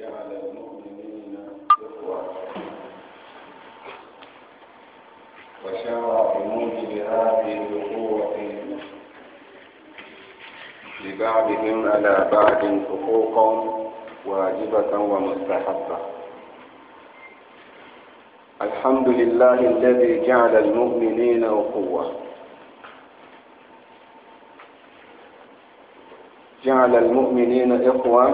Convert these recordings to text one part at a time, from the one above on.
جعل المؤمنين هذه لبعضهم على بعض حقوقا واجبة ومستحبة الحمد لله الذي جعل المؤمنين أخوة جعل المؤمنين إخوة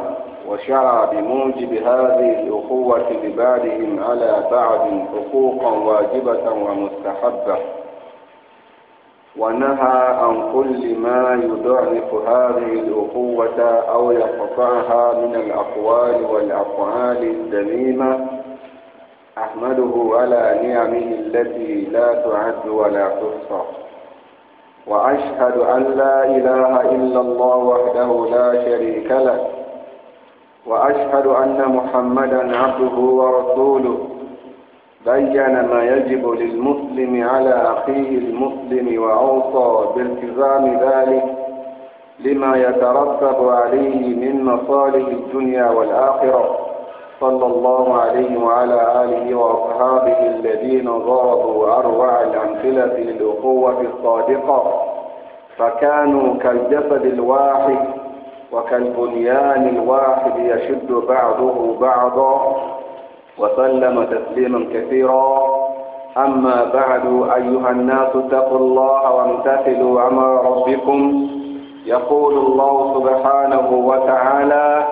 وشرع بموجب هذه الأخوة لبعدهم على بعض حقوقا واجبة ومستحبة ونهى عن كل ما يضعف هذه الأخوة أو يقطعها من الأقوال والأفعال الذميمة أحمده على نعمه التي لا تعد ولا تحصى وأشهد أن لا إله إلا الله وحده لا شريك له وأشهد أن محمدا عبده ورسوله بين ما يجب للمسلم على أخيه المسلم وأوصى بالتزام ذلك لما يترتب عليه من مصالح الدنيا والآخرة صلى الله عليه وعلى آله وأصحابه الذين ضربوا أروع الأمثلة للأخوة الصادقة فكانوا كالجسد الواحد وكالبنيان الواحد يشد بعضه بعضا وسلم تسليما كثيرا أما بعد أيها الناس اتقوا الله وامتثلوا أمر ربكم يقول الله سبحانه وتعالى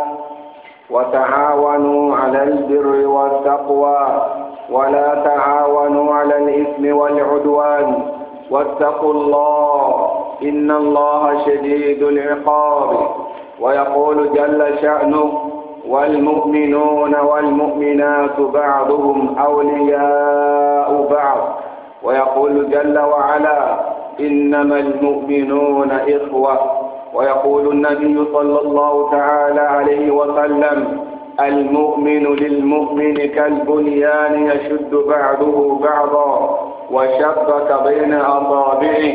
وتعاونوا على البر والتقوى ولا تعاونوا على الإثم والعدوان واتقوا الله إن الله شديد العقاب ويقول جل شأنه والمؤمنون والمؤمنات بعضهم أولياء بعض ويقول جل وعلا إنما المؤمنون إخوة ويقول النبي صلى الله تعالى عليه وسلم المؤمن للمؤمن كالبنيان يشد بعضه بعضا وشبك بين أصابعه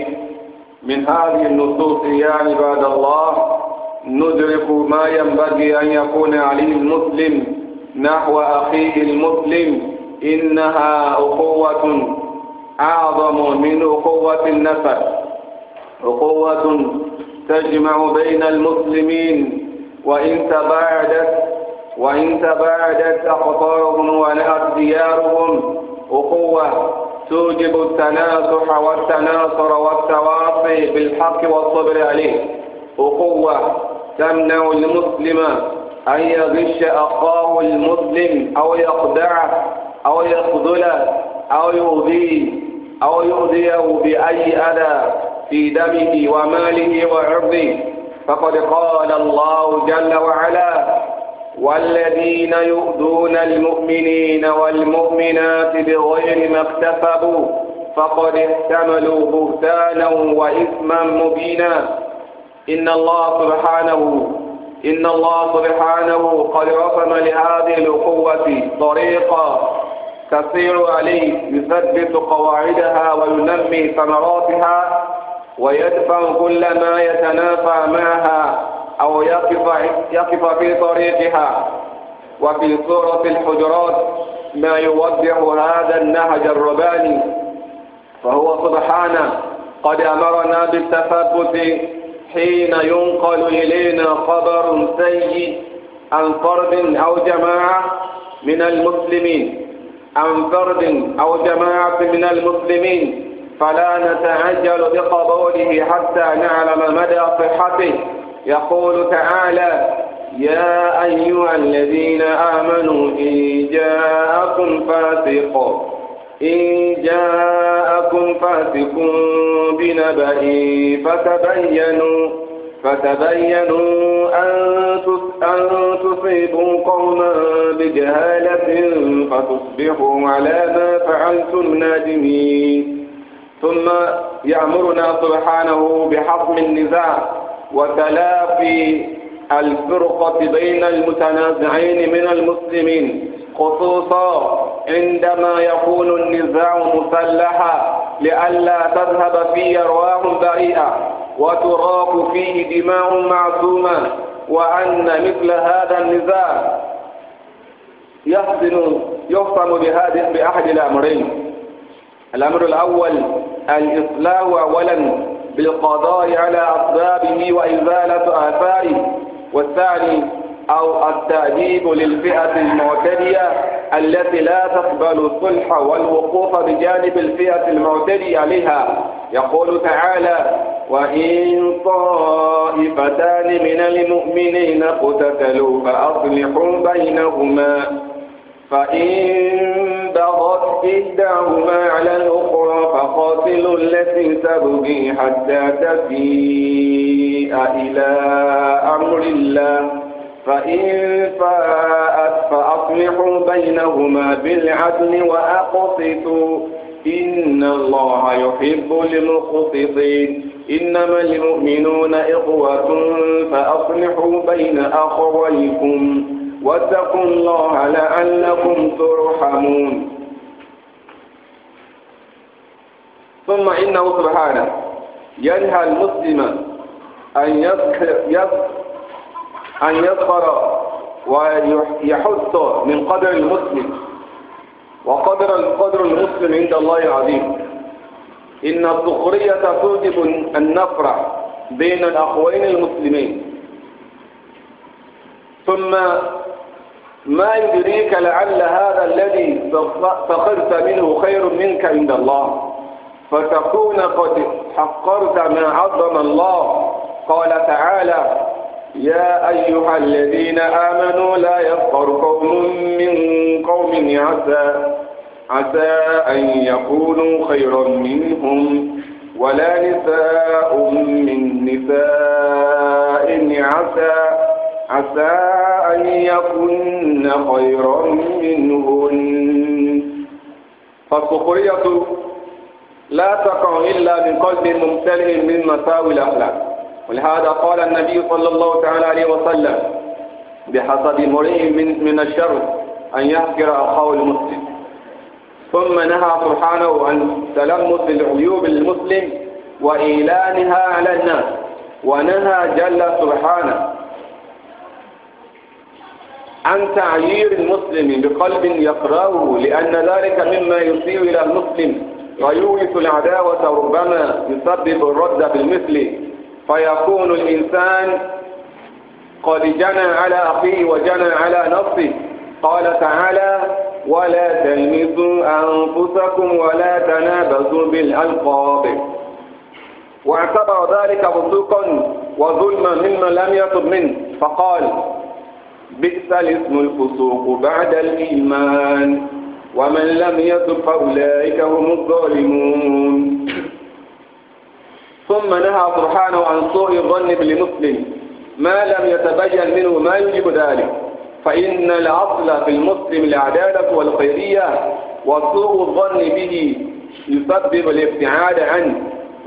من هذه النصوص يا عباد الله ندرك ما ينبغي أن يكون عليه المسلم نحو أخيه المسلم إنها أخوة أعظم من أخوة النفع أخوة تجمع بين المسلمين وإن تباعدت وإن تباعدت أخطارهم ونأت ديارهم أخوة توجب التناصح والتناصر والتواصي بالحق والصبر عليه أخوة تمنع المسلم أن يغش أخاه المسلم أو يخدعه أو يخذله أو يؤذيه أو يؤذيه بأي أذى في دمه وماله وعرضه فقد قال الله جل وعلا والذين يؤذون المؤمنين والمؤمنات بغير ما اكتسبوا فقد احتملوا بهتانا وإثما مبينا إن الله سبحانه إن الله سبحانه قد رسم لهذه الأخوة طريقا تسير عليه يثبت قواعدها وينمي ثمراتها ويدفع كل ما يتنافى معها أو يقف, يقف في طريقها وفي سورة الحجرات ما يوضح هذا النهج الرباني فهو سبحانه قد أمرنا بالتثبت حين ينقل إلينا خبر سيء عن فرد أو جماعة من المسلمين عن فرد أو جماعة من المسلمين فلا نتعجل بقبوله حتى نعلم مدى صحته يقول تعالى يا أيها الذين آمنوا إن جاءكم فاسقون إن جاءكم فاسق بنبأ فتبينوا فتبينوا أن تصيبوا قوما بجهالة فتصبحوا على ما فعلتم نادمين ثم يأمرنا سبحانه بحطم النزاع وتلافي الفرقة بين المتنازعين من المسلمين خصوصا عندما يكون النزاع مسلحا لئلا تذهب فيه أرواح بريئة وتراق فيه دماء معصومة وأن مثل هذا النزاع يحسن يحسن بهذه بأحد الأمرين الأمر الأول الإصلاح أولا بالقضاء على أسبابه وإزالة آثاره والثاني أو التأديب للفئة المعتدية التي لا تقبل الصلح والوقوف بجانب الفئة المعتدية لها يقول تعالى وإن طائفتان من المؤمنين اقتتلوا فأصلحوا بينهما فإن بغت إحداهما على الأخرى فقاتلوا التي تبغي حتى تفيء إلى أمر الله فإن فاءت فأصلحوا بينهما بالعدل وأقسطوا إن الله يحب المقسطين إنما المؤمنون إخوة فأصلحوا بين أخويكم واتقوا الله لعلكم ترحمون ثم إنه سبحانه ينهى المسلم أن يذكر أن يظهر ويحث من قدر المسلم وقدر القدر المسلم عند الله عظيم إن الذخرية توجب النفرة بين الأخوين المسلمين ثم ما يدريك لعل هذا الذي فقرت منه خير منك عند الله فتكون قد حقرت ما عظم الله قال تعالى يا أيها الذين آمنوا لا يسخر قوم من قوم عسى عسى أن يكونوا خيرا منهم ولا نساء من نساء عسى عسى أن يكن خيرا منهن فالسخرية لا تقع إلا من قلب ممتلئ من مساوي الأخلاق ولهذا قال النبي صلى الله تعالى عليه وسلم بحسب مريء من, من الشر أن يحقر أخاه المسلم ثم نهى سبحانه عن تلمس العيوب المسلم وإيلانها على الناس ونهى جل سبحانه عن تعيير المسلم بقلب يقرأه لأن ذلك مما يسيء إلى المسلم ويورث العداوة ربما يسبب الرد بالمثل فيكون الإنسان قد جنى على أخيه وجنى على نفسه قال تعالى ولا تلمسوا أنفسكم ولا تنابزوا بالألقاب واعتبر ذلك فسوقا وظلما ممن لم يتب منه فقال بئس الاسم الفسوق بعد الإيمان ومن لم يتب فأولئك هم الظالمون ثم نهى سبحانه عن سوء الظن بالمسلم ما لم يتبين منه ما يجب ذلك فإن الأصل في المسلم العدالة والخيرية وسوء الظن به يسبب الابتعاد عنه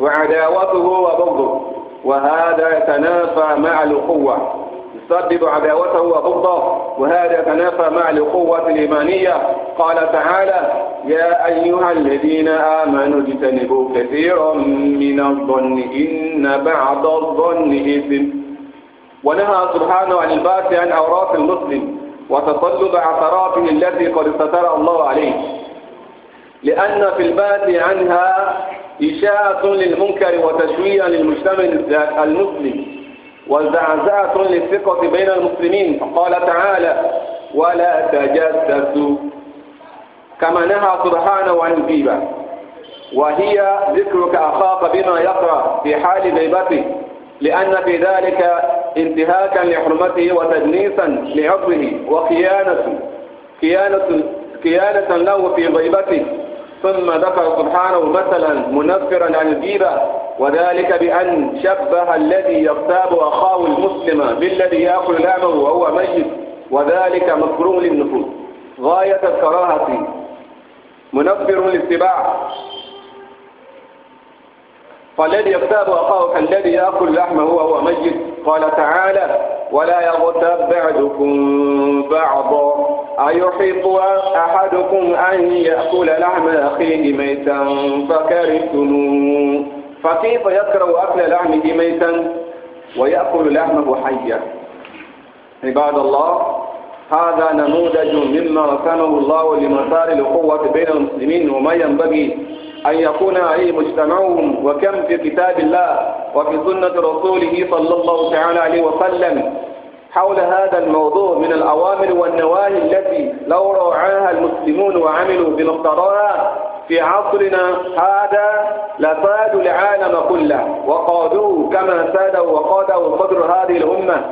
وعداوته وبغضه وهذا يتنافى مع الأخوة سبب عداوته وضده وهذا تنافى مع القوة الإيمانية قال تعالى يا أيها الذين آمنوا اجتنبوا كثيرا من الظن إن بعض الظن إثم ونهى سبحانه عن البحث عن أوراق المسلم وتصلب عثراته التي قد ستر الله عليه لأن في البحث عنها إشاءة للمنكر وتشويه للمجتمع المسلم وزعزعة للثقة بين المسلمين فقال تعالى ولا تجسسوا كما نهى سبحانه عن الغيبة وهي ذكرك أخاك بما يقرأ في حال غيبته لأن في ذلك انتهاكا لحرمته وتدنيسا لعقله وخيانة خيانة خيانة له في غيبته ثم ذكر سبحانه مثلا منفرا عن الغيبة وذلك بأن شبه الذي يغتاب أخاه المسلم بالذي يأكل لحمه وهو ميت وذلك مكروه للنفوس غاية الكراهة منفر للاتباع فالذي يغتاب أخاه كالذي يأكل لحمه وهو ميت قال تعالى ولا يغتاب بعدكم بعضا أيحب أحدكم أن يأكل لحم أخيه ميتا فكرهتموه فكيف يكره أكل لحمه ميتا ويأكل لحمه حيا عباد الله هذا نموذج مما ركنه الله لمسار القوة بين المسلمين وما ينبغي أن يكون عليه مجتمعهم وكم في كتاب الله وفي سنة رسوله صلى الله تعالى عليه وسلم حول هذا الموضوع من الأوامر والنواهي التي لو رعاها المسلمون وعملوا بمقتضاها في عصرنا هذا لسادوا العالم كله وقادوه كما سادوا وقادوا صدر هذه الأمة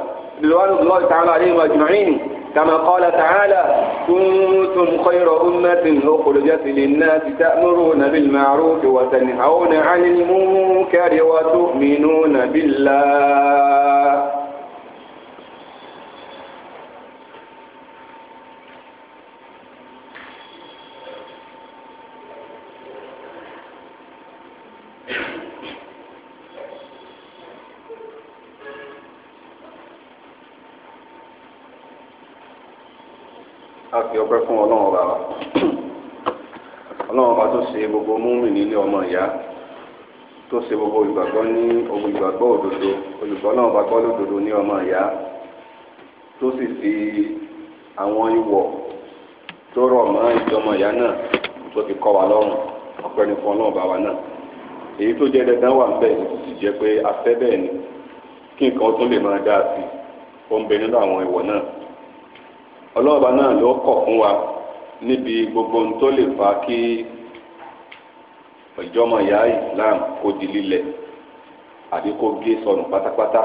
رضوان الله تعالى عليهم أجمعين كما قال تعالى كنتم خير أمة أخرجت للناس تأمرون بالمعروف وتنهون عن المنكر وتؤمنون بالله fi ọpẹ́ fún ọlọ́run ọba wa ọlọ́run ọba tó ṣe gbogbo múmi nílé ọmọ ìyá tó ṣe gbogbo ìgbàgbọ́ ní ohun ìgbàgbọ́ òdodo olùgbọ́ náà bá gbọ́ lódodo ní ọmọ ìyá tó sì fi àwọn ìwọ̀ tó rọ̀ mọ́ ìjọmọ ìyá náà tó ti kọ́ wa lọ́rùn ọpẹ́ ní fún ọlọ́run bá wa náà èyí tó jẹ́ dandan wà níbẹ̀ tó sì jẹ́ pé afẹ́ bẹ́ẹ̀ ni kí nǹkan tó lè máa dáa sí ó ń bẹ nínú àwọn ìwọ̀ náà ọlọ́ọ̀bá náà ló kọ̀ fún wa níbi gbogbo ohun tó lè fa kí ìjọmọ ìyá Islam kó di lílẹ̀ àbí kó gé sọnù pátápátá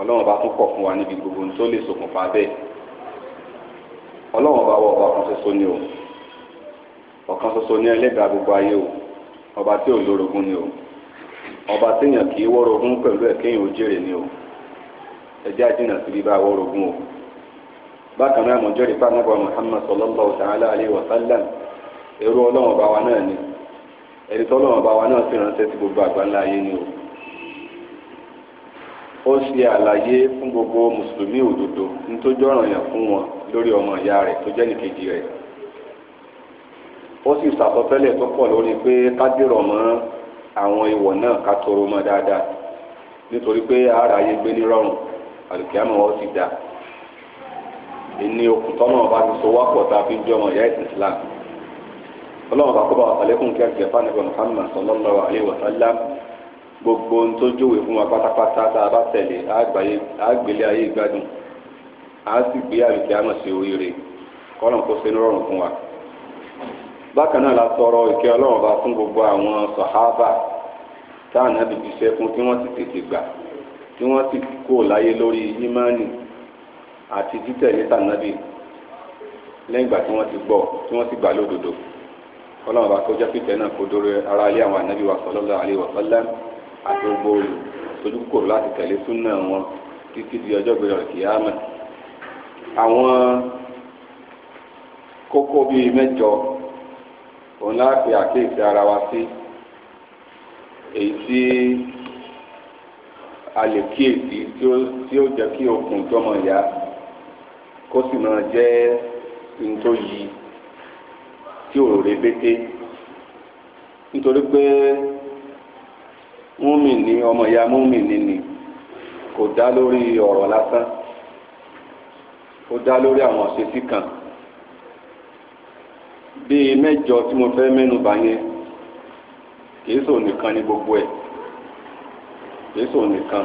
ọlọ́run bá tún kọ̀ fún wa níbi gbogbo ohun tó lè ṣokùnfà bẹ́ẹ̀ ọlọ́run bá wọ ọba kan ṣoṣo ni o ọ̀kan ṣoṣo ni ẹlẹ́dàá gbogbo ayé o ọba tí ò lórogún ni o ọba téèyàn kì í wọ́rogún pẹ̀lú ẹ̀kéyìn ojèrè ni o ẹjẹ́ àjìnà sí bíbá wọ́rogún o. bákan náà mọ̀jọ́ ìfá nàbà Muhammad sallallahu ta'ala alayhi wa sallam wa náà ni ẹni tó wa náà sì ránṣẹ́ sí gbogbo ni o ó ṣe àlàyé fún gbogbo mùsùlùmí òdodo nítòjọ́ ọ̀ràn yàn fún wọn lórí ọmọ ìyá rẹ̀ tó jẹ́ nìkejì rẹ̀ ó sì ṣàsọtẹ́lẹ̀ tó pọ̀ lórí pé ká mọ́ àwọn ìwọ̀ náà ká toro mọ́ ara ayé gbé ní rọrùn ìní okùn tọ́nà ọba ti so wákò tá a fi ń jọmọ ìyá ìsìn islam ọlọ́run bá kó bá kí gbogbo ohun tó jòwè fún wa pátápátá tá a bá tẹ̀lé àgbélé ayé a sì gbé àlùkí àmọ̀ sí oríire kọ́lọ̀ kó wa. bákan náà la sọ̀rọ̀ ìkẹ́ gbogbo àwọn náà bìbí iṣẹ́ fún tí wọ́n tètè gbà àti títẹ̀lé tànàbì lẹ́yìn ìgbà tí wọ́n ti gbọ́ tí wọ́n ti gbà lódodo ọlọ́run bá kọjá pípẹ́ náà kó dóró ara ilé àwọn ànábì wa sallallahu alaihi wa sallam àti gbogbo olùsojú kòrò láti tẹ̀lé súnà wọn títí di ọjọ́ gbèrò kìyàmà àwọn kókó bíi mẹ́jọ òun láàpẹ àkéèsí ara wa sí èyí tí a lè kíyèsí tí ó jẹ́ kí okùn tọmọ ìyá kó sì máa jẹ́ nítòyí tí ò rè bété nítorí pé múmìnì ọmọ ìyá múmìnì ni kò dá lórí ọ̀rọ̀ lásán ó dá lórí àwọn ọ̀sẹ̀sí kan bíi mẹ́jọ tí mo fẹ́ mẹ́nu bà yẹn kìí sòun nìkan ni gbogbo ẹ̀ kìí sòun nìkan.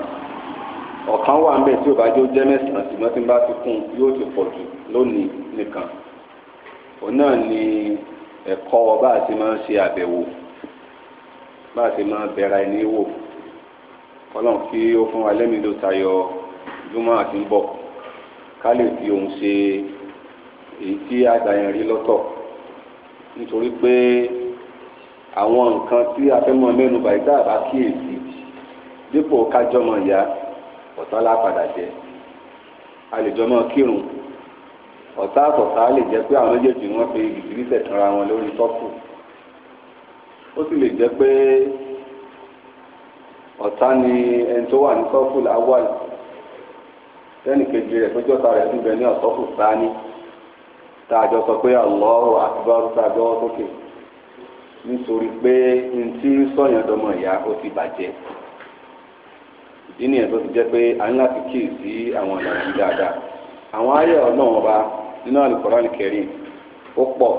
ọ̀kan wà ń bẹ̀ tí ò bá jó jẹ́ mẹ́sàn-án ṣùgbọ́n tí n bá ti kún yóò ti pọ̀ jù lónìí nìkan òun náà ni ẹ̀kọ́ bá a ti máa ń ṣe àbẹ̀wò bá a ti máa bẹ̀ra ẹni wò kọ́lọ́n kí ó fún wa lẹ́mìí ló tayọ júmọ́ àti ń bọ̀ ká lè fi òun ṣe èyí tí àgbà yẹn rí lọ́tọ̀ nítorí pé àwọn nǹkan tí a mẹ́nu bàyí dáàbá kíyèsí dípò kájọ́mọ̀ yá ọ̀tá lápadà jẹ àlejò ọmọ kírun ọ̀tá àtọ̀tá lè jẹ́ pé àwọn méjèèjì wọ́n fi gìgìrì tẹ̀tara wọn lórí tọ́pù ó sì lè jẹ́ pé ọ̀tá ni ẹni tó wà ní tọ́pù láwàl lẹ́nu kejì rẹ̀ tó jọ́ta rẹ̀ tún bẹ ní ọ̀tọ́pù sáání tá a jọ sọ pé Allahu akbar tá a gbọ́wọ́ sókè nítorí pé ntí sọ̀yàn dọmọ ìyá ó ti bàjẹ́. nínú ẹ̀ tó ti jẹ́ pé a ń láti kíì sí àwọn ìlànà dáadáa àwọn ayé ọba nínú ó pọ̀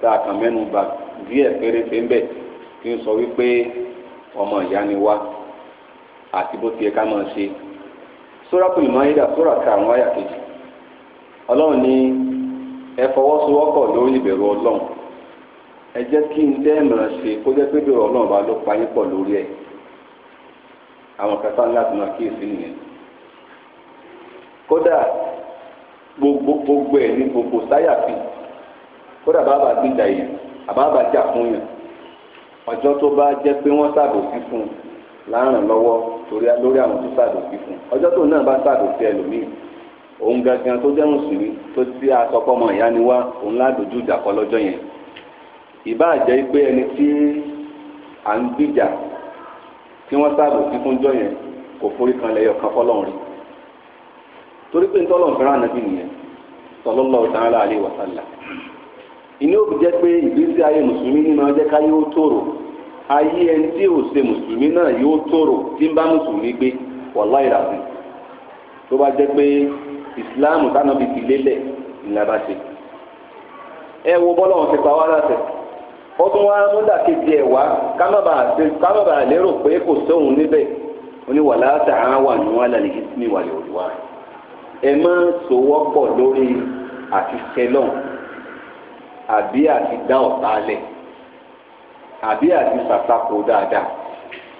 tá a kàn mẹ́nu bà díẹ̀ péréte ń bẹ̀ tí sọ wípé ọmọ ìyá ni wá àti bó ti yẹ ká máa ṣe Suratul Maida ka àwọn àyà kejì ọlọ́run ní ẹ fọwọ́sowọ́pọ̀ lórí ìbẹ̀rù ọlọ́run ẹ jẹ́ kí n ṣe kó jẹ́ pé àwọn kẹfà láti máa kíyèsí nìyẹn kódà gbogbo gbogbo ẹ ní gbogbo sáyà fi kódà bàbá gbìjà yẹn àbábà jà fún yẹn ọjọ́ tó bá jẹ́ pé wọ́n ṣàbòsí fún un láàrán lọ́wọ́ lórí àwọn tó ṣàbòsí fún un ọjọ́ tó náà bá ṣàbòsí ẹlòmíì òun gangan tó jẹ́ mùsùlùmí tó ti asọpọmọ ìyá ni wá òun ládójú ìjà kọ lọ́jọ́ yẹn ìbáà jẹ́ pé ẹni tí à ń gbìjà kí wọ́n sáàbò fífún jọ yẹn kò forí kan lẹ́yọ̀ kan fọ́lọ́run rí torí pé ntọ́lọ́run fẹ́ràn ànábì nìyẹn sallallahu ta'ala alaihi wa sallam ìní òbí jẹ́ pé ìgbésí ayé mùsùlùmí ká yóò tòrò ayé ẹni tí ò ṣe mùsùlùmí náà yóò tòrò tí ń bá mùsùlùmí gbé tó bá jẹ́ pé ìsìláàmù tánà ó tún wá múdàkejì ẹ̀ wá kámábà lérò pé kò sóhun níbẹ̀ oníwàlá tààwà ní wọn lálẹ́ kí ní ìwàlẹ̀ òdìwà ẹ má sowọ́pọ̀ lórí àti sẹlọ̀n àbí àti dá ọ̀tá lẹ̀ àbí àti sàtakò dáadáa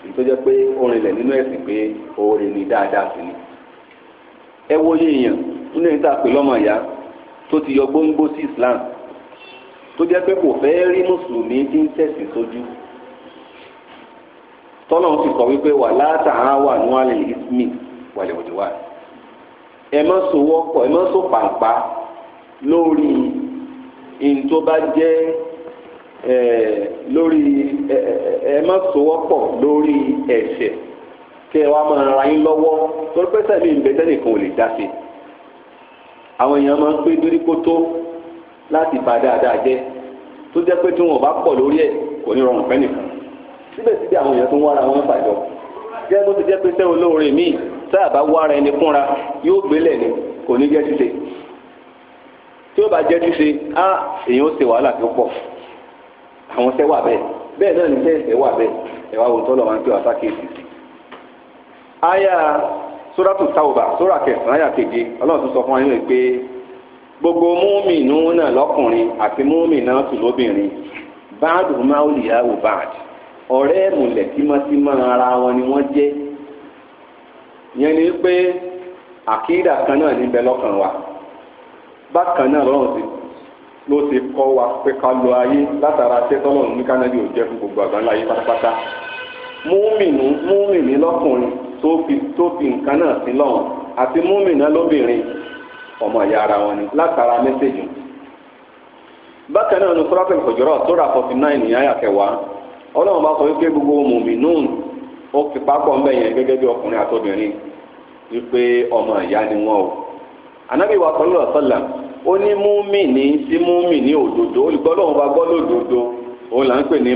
ìtọ́jọ́ pé orin lẹ̀ nínú ẹ̀sìn pé oore ni dáadáa sí ni ẹ wòye èèyàn nínú ìta pè lọ́mọ ìyá tó ti yọ gbóngbó sí Islam tó jẹ́ pé kò fẹ́ rí mùsùlùmí tí ń tẹ̀sí sójú tọ́nà ti kọ̀ wípé wà látàá wà ní wàlẹ̀ ismi wàlẹ̀ òdìwà ẹ má so wọ́pọ̀ ẹ má so pàǹpá lórí ihun tó bá jẹ́ lórí ẹ má so wọ́pọ̀ lórí ẹ̀ṣẹ̀ kẹ wàá máa ra yín lọ́wọ́ torí pé sẹ́mi ìbẹ́tẹ́ nìkan ò lè dá sí àwọn èèyàn máa ń pé dórí kótó láti bá dáadáa jẹ́ tó jẹ́ pé tí wọn bá pọ̀ lórí ẹ̀ kò ní rọrùn fẹ́nìkan síbẹ̀síbẹ̀ àwọn èèyàn tó ń wára wọn fàjọ jẹ́ bó ti jẹ́ pé sẹ́ olóore míì sáà bá wára ẹni fúnra yóò gbélẹ̀ ni kò ní jẹ́ ṣíṣe tí ó bá jẹ́ ṣíṣe á èèyàn ó ṣe wàhálà tó pọ̀ àwọn sẹ́ wà bẹ́ẹ̀ bẹ́ẹ̀ náà ní sẹ́ ẹ̀sẹ̀ wà bẹ́ẹ̀ ẹ̀wà wò tọ́lọ̀ máa ń pè wá sákèésì. aya sóràtù táwùbà sórà kẹsàn-án àyà ọlọ́run tún sọ fún wa nínú pé gbogbo múmi núnà lọ́kùnrin àti múmi náà sì lóbìnrin báàdù máa ń lìyà wò báàdì ọ̀rẹ́ ẹ̀mùlẹ̀ tímọ́tímọ́ ara wọn ni wọ́n jẹ́ yẹn ni pé àkídà kan náà níbẹ̀ lọ́kàn wa bákan náà lọ́rùn ti ló ti kọ́ wa pé ká lo ayé látara tẹ́tọ́lọ́run ní kánábì ò jẹ́ fún gbogbo àgbáńlá ayé pátápátá múmìnú múmìnú lọ́kùnrin tó fi tó fi nǹkan náà sí lọ́rùn àti múmìnú lóbìnrin ọmọ ìyá ara wọn ni látara mẹ́sẹ̀jì bákan náà ní suratul Hujurat sura forty nine ní àyà kẹwàá ọlọ́run bá sọ wípé gbogbo mùmínùn ó fi pápọ̀ ń bẹ̀ yẹn gẹ́gẹ́ bí ọkùnrin àtọ́bìnrin ọmọ ìyá ni wọn o ànábì wa sallallahu alaihi wasallam ó ní múmìnì sí múmìnì òdodo olùgbọ́ lọ́wọ́ bá gbọ́ lódodo òun là ń pè ní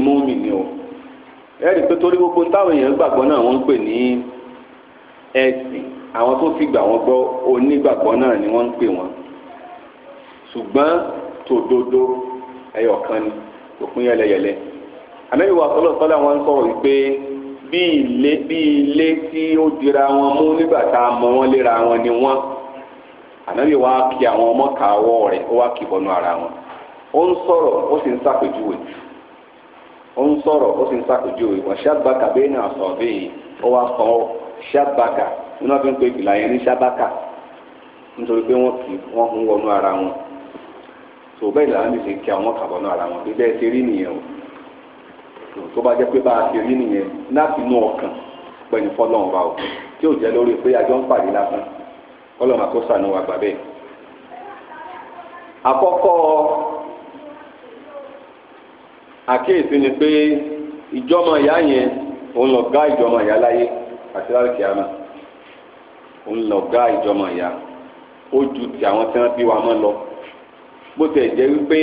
o ẹ̀rí pé torí gbogbo táwọn èèyàn gbàgbọ́ náà wọ́n ń pè ní àwọn tó fi gbà wọ́n gbọ́ onígbàgbọ́ náà ni wọ́n ń pè wọ́n ṣùgbọ́n tòdodo ẹyọ kan ni òpin yẹlẹyẹlẹ àmẹ́yìn wa sọ́lọ́ sọ́lá wọn sọ̀rọ̀ wípé bí ilé bí ilé tí ó dira wọn mú nígbà tá a mọ wọn léra wọn ni wọn ànábì wa kí àwọn ọmọ kàwọ́ rẹ̀ ó wá kì bọnú ara wọn ó ń sọ̀rọ̀ ó sì ń ṣàpèjúwe ó ń sọ̀rọ̀ ó sì ń ṣàpèjúwe wọ́n ṣàgbàkà bẹ́ẹ̀ náà sọ̀ bẹ́ẹ̀ ó wá sọ ṣàgbàkà nínú ọ̀fẹ́ ń pe ìkìlà yẹn ní sábàkà nítorí pé wọ́n kì wọ́n ń wọnú ara wọn tó bẹ́ẹ̀ làwọn lè ṣe kí àwọn kà wọnú ara wọn bí bẹ́ẹ̀ ṣe rí nìyẹn o tó bá jẹ́ pé bá a ṣe rí nìyẹn láti inú ọkàn pẹ̀lú fọlọ́run bá o tí ò jẹ́ lórí pé àjọ ń pàdé lásán fọlọ́run àkóso àná wa gbà bẹ́ẹ̀. àkọ́kọ́ àkíyèsí ni pé ìjọmọ ìyá yẹn òun lọ gá ìjọmọ ìyá láyé àti láti kìá náà òun lọ̀gá ìjọmọ̀ ìyá ó ju ti àwọn tí wọ́n bí wa mọ́ lọ bó tẹ̀ jẹ́ wípé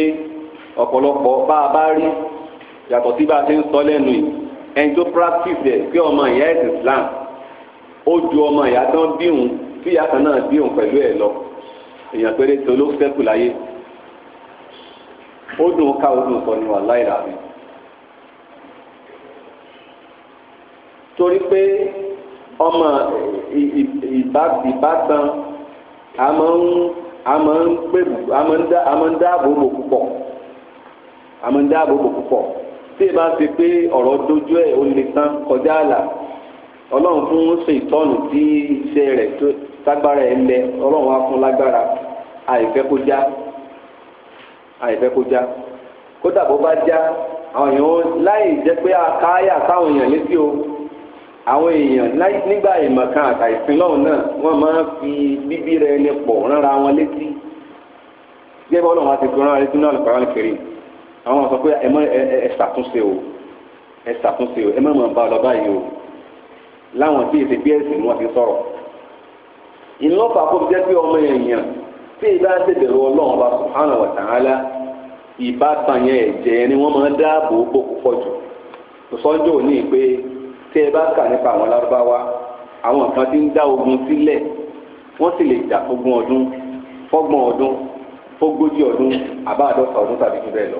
ọ̀pọ̀lọpọ̀ bá a bá rí yàtọ̀ sí bá a ti ń sọ lẹ́nu yìí ẹni tó practice ẹ̀ pé ọmọ ìyá ẹ̀sìn Islam ó ju ọmọ ìyá tán bí òun tí ìyá kan náà bí òun pẹ̀lú ẹ̀ lọ èèyàn péré tó ló sẹ́kù láyé ó dùn ká ó dùn sọ ni wà láìra mi torí pé ọmọ ìbátan a máa ń a máa ń gbé a máa ń dá a máa ń dáàbò bò púpọ̀ a máa ń dáàbò bò púpọ̀ tí ì bá ti pé ọ̀rọ̀ dojú ẹ̀ ó lè tán kọjá àlà ọlọ́run fún ṣe ìtọ́nù tí iṣẹ́ rẹ̀ tó lágbára ẹ̀ lẹ ọlọ́run á fún lágbára àìfẹ́ kó já àìfẹ́ kó já kódà bó bá já àwọn èèyàn láì jẹ́ pé a káyà táwọn èèyàn létí o àwọn èèyàn nígbà ìmọ̀kan àtàìsìn lọ́hùn náà wọ́n máa ń fi bíbí rẹ ní pọ̀ rárá wọn létí gẹ́gẹ́ bọ́ọ̀lù wọn ti fi rárá létí náà lọ́kàrán kiri àwọn sọ pé ẹ mọ ẹ ṣàtúnṣe o ẹ ṣàtúnṣe o ẹ mọ̀ mọ̀ bá lọ báyìí o láwọn tí èsì bíi ẹ̀sìn ni wọ́n ti sọ̀rọ̀ ìlú ọ̀fà kó jẹ́ pé ọmọ èèyàn tí ìbá ṣèbẹ̀rù ọlọ́run ọba subhanahu wa ta'ala ìbátan yẹn ẹ̀jẹ̀ ni wọ́n máa dáàbò ó pọ̀ jù sọ́jọ́ òní pé tẹ́ ẹ bá kà nípa àwọn lárúbáwá àwọn kan ti ń dá ogun sílẹ̀ wọ́n sì lè jà fógún ọdún fọ́gbọ̀n ọdún fógójì ọdún àbáàdọ́ta ọdún tàbí jù bẹ́ẹ̀ lọ.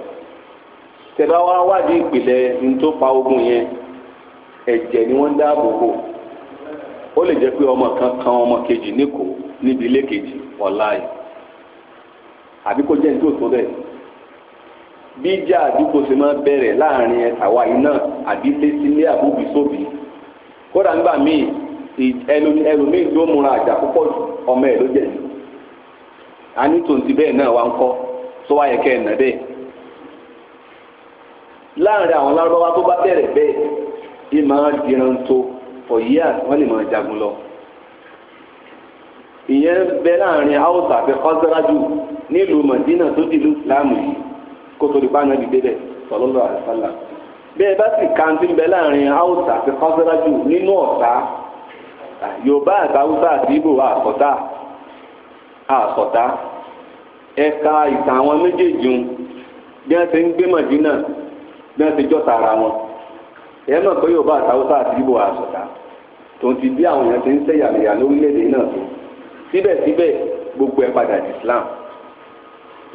tẹ́ bá wádìí ìpìlẹ̀ ní tó pa ogun yẹn ẹ̀jẹ̀ ni wọ́n ń dáàbò bò ó lè jẹ́ pé ọmọ kan kan ọmọ kejì níkòó níbi ilé kejì ọ̀la yìí àbí kó jẹ́ ní tòótọ́ bẹ́ẹ̀ bíjà àdúgbò ṣe máa bẹ̀rẹ̀ láàrin ẹ̀tàwá iná àbí lẹ́sílẹ̀ àbúbí sóbì kódà nígbà míì ẹlòmíì tó múra àjà púpọ̀ jù ọmọ ẹ̀ ló jẹ̀ jù a ní tòǹtì bẹ́ẹ̀ náà wá ń kọ́ tó wáyẹ kẹ́ ẹ̀ nà bẹ́ẹ̀ láàrin àwọn lárúbáwá tó bá bẹ̀rẹ̀ bẹ́ẹ̀ yìí máa diran tó for years wọ́n lè máa jagun lọ ìyẹn bẹ láàrin haúsá àti kọ́sárájú nílùú mọ̀dínà tó dìlú ìsìlámù yìí kótó di bá nàbì délẹ̀ sallallahu alaihi wasallam bẹ́ẹ̀ bá sì ka ti ń bẹ láàrin haúsá àti kọ́sẹ́rájú nínú ọ̀tá yorùbá àti haúsá àti ibo àsọ̀tá àsọ̀tá ẹ̀ka ìtàn àwọn méjèèjì ń bí wọ́n ti ń gbé mọ̀dínà bí wọ́n ti jọ́ta ara wọn ẹ̀ náà pé yorùbá àti haúsá àti ibo àsọ̀tá tòun ti bí àwọn èèyàn ti ń sẹ́yàmẹ̀yà lórílẹ̀‐èdè náà tó síbẹ̀síbẹ̀ gbogbo ẹ̀ padà di islam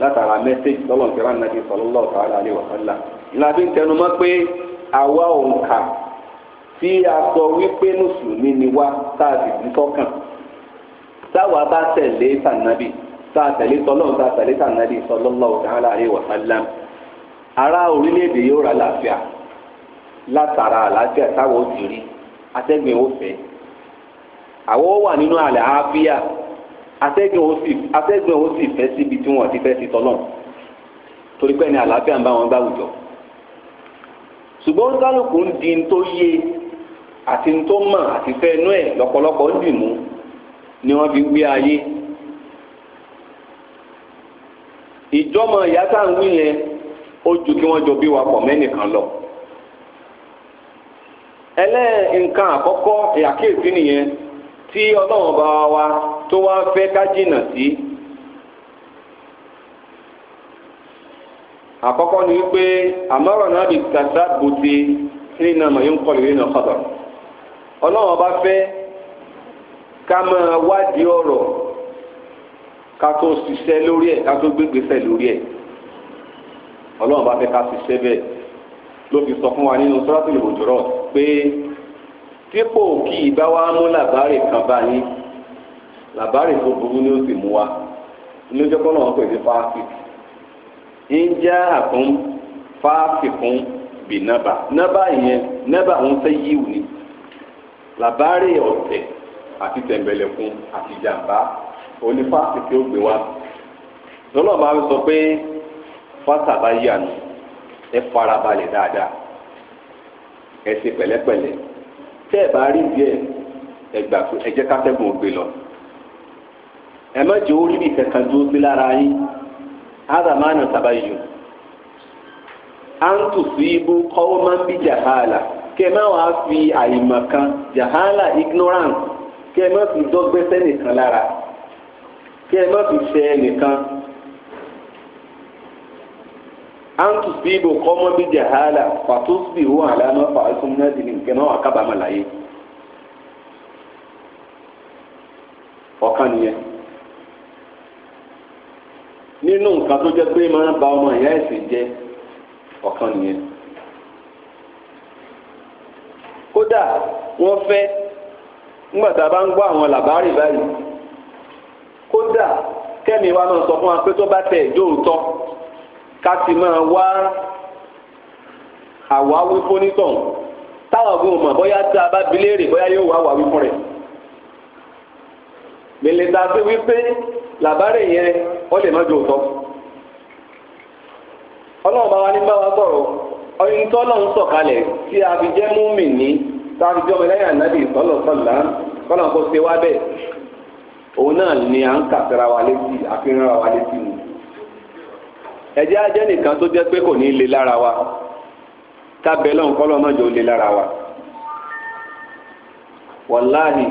látara mẹ́sẹ̀gì lọ́lọ́n tí wọ́n nàbí sallallahu ta'ala alaihi wa sallam. ìlàbí ń tẹnu mọ́ pé àwa òǹkà tí a sọ wípé mùsùlùmí ni wá tá a sì ń tọ́kàn táwa bá tẹ̀lé sànàbì tá a tẹ̀lé sọlọ́run tá a tẹ̀lé sànàbì sallallahu ta'ala alaihi wa sallam. orílẹ̀-èdè yóò ra àlàáfíà látara àlàáfíà táwọn ò ti rí atẹ́gbẹ̀ẹ́ òfẹ́ àwọn wà nínú àlàáfíà atẹ́gùn ó sì atẹ́gùn ó sì fẹ́ síbi tí wọ́n ti fẹ́ sí tọ́lọ́n torí pé ní àlàáfíà ń bá wọn ṣùgbọ́n kálukú ń di tó yé àti tó mọ̀ àti fẹ́ ni wọ́n fi gbé ayé ìjọmọ ìyá tá à ń wí yẹn ó ju kí wọ́n jọ bí wa pọ̀ lọ nǹkan àkọ́kọ́ ìyàkéèsí nìyẹn tí tó wá fẹ́ ká jìnà sí. àkọ́kọ́ ni wípé àmọ́rọ̀ náà bí tàṣà bùtì sí iná mọ̀ yín kọlù yín ọ̀kọ̀dọ̀ ọlọ́run ọba fẹ́ ká máa wádìí ọ̀rọ̀ ká tó ṣiṣẹ́ lórí ẹ̀ ká tó gbégbèsè lórí ẹ̀ ọlọ́run ọba fẹ́ ká ṣiṣẹ́ bẹ́ẹ̀ ló fi sọ fún wa nínú sọ́rọ́tì ìbòjọ́rọ̀ pé dípò kí ìbáwá mú làbárè kan bá yín làbárì tó burú ni ó sì mú wa ní ojú kọ́nà wọn pè ní fáfik ń jẹ́ àkún fáfikún bì nábà nábà yẹn nábà ń fẹ́ yíwù ni làbárì ọ̀tẹ̀ àti tẹ̀m̀bẹ̀lẹ̀kun àti jàǹbá òní fáfik ó gbé wa lọ́lọ́ máa ń sọ pé fásitì àyànú ẹ farabalẹ̀ dáadáa ẹ ṣe pẹ̀lẹ́pẹ̀lẹ́ tẹ́ ẹ bá rí díẹ̀ ẹ gbà pé ẹ jẹ́ kátẹ́gùn ògbé lọ ẹ má jẹ́ orí mi kankan dúró sí lára yín ádà máa nà sábà yìí à ń tù sí ibú kọ́wọ́ máa ń bí jàhálà kí ẹ má wàá fi àyìnmọ̀ kan jàhálà ignorance kí ẹ má fi dọ́gbẹ́sẹ́ nìkan lára kí ẹ má fi ṣe ẹnìkan antu siibu kọmọ bi jahala fatusibi hu alama fa'altum nadini nkẹnẹ wa kaba ma la ye ọ̀kan nìyẹn nínú nǹkan tó jẹ́ pé máa ń ba ọmọ ìyá ẹ̀sìn jẹ́ ọ̀kan nìyẹn. kódà wọ́n fẹ́ nígbà tá a bá ń gbọ́ àwọn làbárì báyìí kódà kẹ́mi wa náà sọ fún wa pé tó bá tẹ̀ ìjó òótọ́ ká ti máa wá àwa wí fónítàn táwọn ọgbọ́n mọ̀ bóyá tá a bá bi léèrè bóyá yóò wá wà wí fún rẹ̀. fi wí làbárì yẹn ó lè má jò tọ́ wa ní bá wa sọ̀rọ̀ ọyún tó ọlọ́run sọ̀kalẹ̀ tí a fi jẹ́ múmìnì tá a fi ọmọ ẹlẹ́yìn ànábì sọ́lọ̀ sọ́lá kọ́lọ̀ kó ṣe wá bẹ́ẹ̀ òun náà ni à ń kà síra wa létí àfihàn wa létí ni ajẹ́ nìkan tó jẹ́ pé kò ní le lára wa tábẹ́ kọ́lọ́ le lára wa wàláhì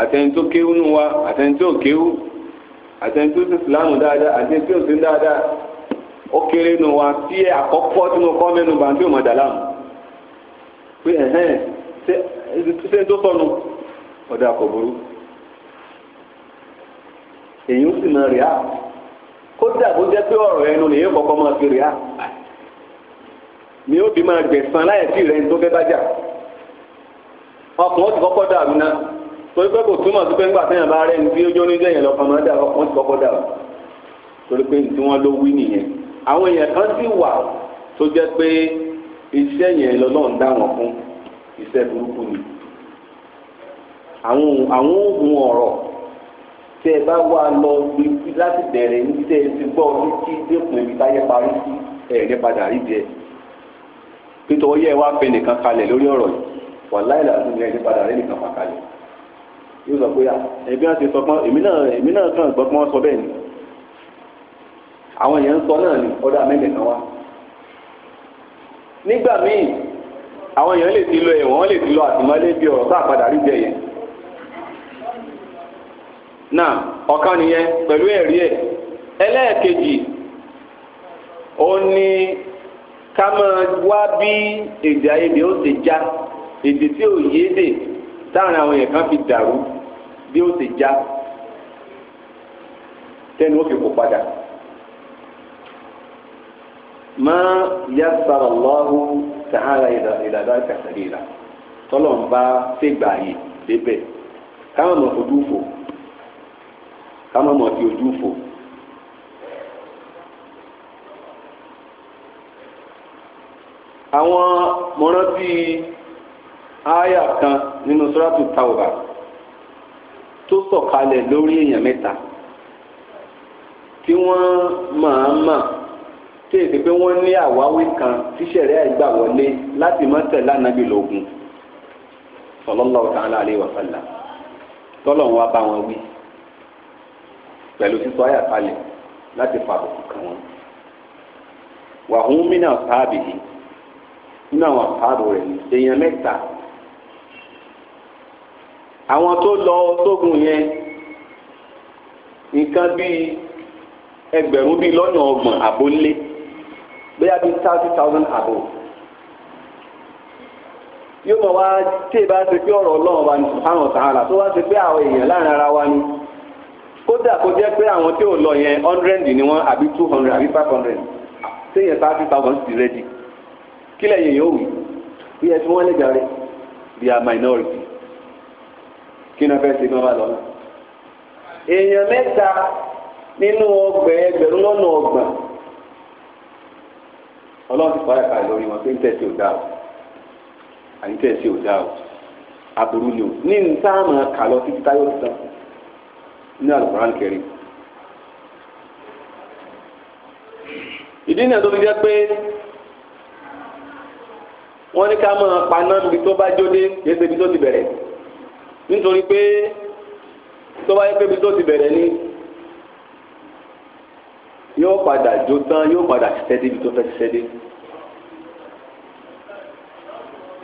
àtẹnitó kéwú nù wa àtẹnitó kéwú. àtẹni tó ṣe ìsìláàmù dáadáa àtẹni tí ò dáadáa ó kéré nu wa tí ẹ àkọ́kọ́ tí mo kọ́ mẹ́nu bá ń bí òmò dàlámù pé ẹ̀hẹ́n ṣe tó sọnù ọ̀dà kò èyí ó sì máa a jẹ́ pé ọ̀rọ̀ ẹnu nìyí máa a ni ó bí máa gbẹ̀sán láyẹ̀ torí pé kò túmọ̀ sí pé ńgbà téèyàn bá rẹ̀ ní bí ojú oníjẹ́ yẹn lọ́kàn máa dà kọ́kọ́ dà torí pé tí wọ́n ló wí nìyẹn àwọn èèyàn kan sì wà tó jẹ́ pé iṣẹ́ yẹn dá wọn fún iṣẹ́ burúkú ni àwọn oògùn ọ̀rọ̀ bá wà lọ ibi láti bẹ̀rẹ̀ ti gbọ́ dẹ́kun ibi táyé parí sí padà rí jẹ wá fẹ́ nìkan kalẹ̀ lórí ọ̀rọ̀ yìí padà yóò sọ pé ẹbí wọn ti sọ pé èmi náà èmi náà kàn gbọ́ pé wọ́n sọ bẹ́ẹ̀ ni àwọn èèyàn ń sọ náà ni ọ̀dọ̀ àmẹ́lẹ̀ kan wá. nígbà míì àwọn èèyàn lè ti lọ ẹ̀wọ̀n wọ́n lè ti lọ àtìmọ́lé bí ọ̀rọ̀ sáà padà rí jẹ yẹn. náà ọ̀kan nìyẹn pẹ̀lú ẹ̀rí ẹ̀ ẹlẹ́ẹ̀kejì ó ní ká máa wá bí èdè àìyedè ó ṣe já èdè tí ò yéé dè táwọn àwọn yẹn kan fi dàrú bí ó sì já tẹnu ó fi kó padà má yasara Allahu ta'ala ìdàdà kàtàlì ìlà tọ́lọ̀ ń bá fẹ́gbà yìí débẹ̀ káwọn mọ̀ fojú fò káwọn mọ̀ fi ojú fò. àwọn bíi. ááyà kan nínú sọ́ràtù tàwùbà tó sọ̀kalẹ̀ lórí èèyàn mẹ́ta tí wọ́n máa mà tí èdè pé wọ́n ní àwáwí kan tí sẹ̀rí àìgbà wọlé láti má tẹ̀lé ànábì lógun sallallahu ta'ala alayhi wa sallam tọ́lọ́run wá bá wọn wí pẹ̀lú sísọ àyà kalẹ̀ láti fa àbùkù kan wọn. wàhùn mí náà yìí nínú àwọn àpárò rẹ̀ èèyàn mẹ́ta àwọn tó lọ sógun yẹn nǹkan bíi ẹgbẹ̀rún bíi lọ́nà ọgbọ̀n àbólé bóyá bíi thirty thousand àbò yóò mọ̀ wá tí ì bá ṣe pé ọ̀rọ̀ ọlọ́run wa ní subhanahu wa ta'ala tó wá ṣe pé àwọn èèyàn láàrin ara wa ni kódà kó jẹ́ pé àwọn tí ò lọ yẹn hundred ni wọ́n àbí two hundred àbí five hundred séyẹn thirty thousand ti rẹ́dì kílẹ̀ yẹn yóò wí bí ẹ ti wọ́n lè jàre they are minority kí ni wọ́n fẹ́ ṣe kí wọ́n bá lọ. èèyàn mẹ́ta nínú ọgbẹ ẹgbẹ̀rún lọ́nà ọgbà ọlọ́run ti fara kalẹ̀ lórí wọn pé ń tẹ̀sí ò dáa o àní tẹ̀sí ò dáa o aburú ni o ní ntáàmù kàlọ́ títí táyọ̀ ti tán ní alukóran kẹrin. ìdí náà tó fi jẹ́ pé wọ́n ní ká máa paná níbi tó bá jó dé kí ẹ ibi tó ti bẹ̀rẹ̀ nítorí pé tó bá yẹ pé ibi tó ti bẹ̀rẹ̀ ni yóò padà jó tán yóò padà ṣiṣẹ́ débi tó fẹ́ ṣiṣẹ́ dé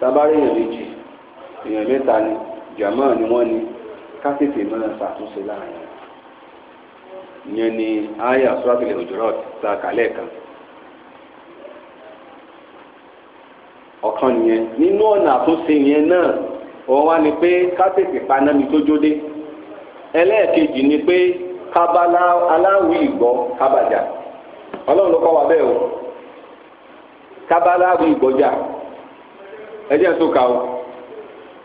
tabari èèyàn méjì èèyàn mẹ́ta ni jàmáà ni wọ́n ni kásìtì máa ṣàtúnṣe láàrin ìyẹn ni aya suratul Hujurat ta kálẹ̀ kan ọ̀kan nìyẹn nínú ọ̀nà àtúnṣe yẹn náà òun wá ni pé ká panami paná mi tó jóde ẹlẹ́ẹ̀kejì ni pé kábàlá aláwì ìgbọ́ kábàjà ọlọ́run ló kọ́ wa bẹ́ẹ̀ o kábàlá aláwì ìgbọ́jà ẹ tó kà o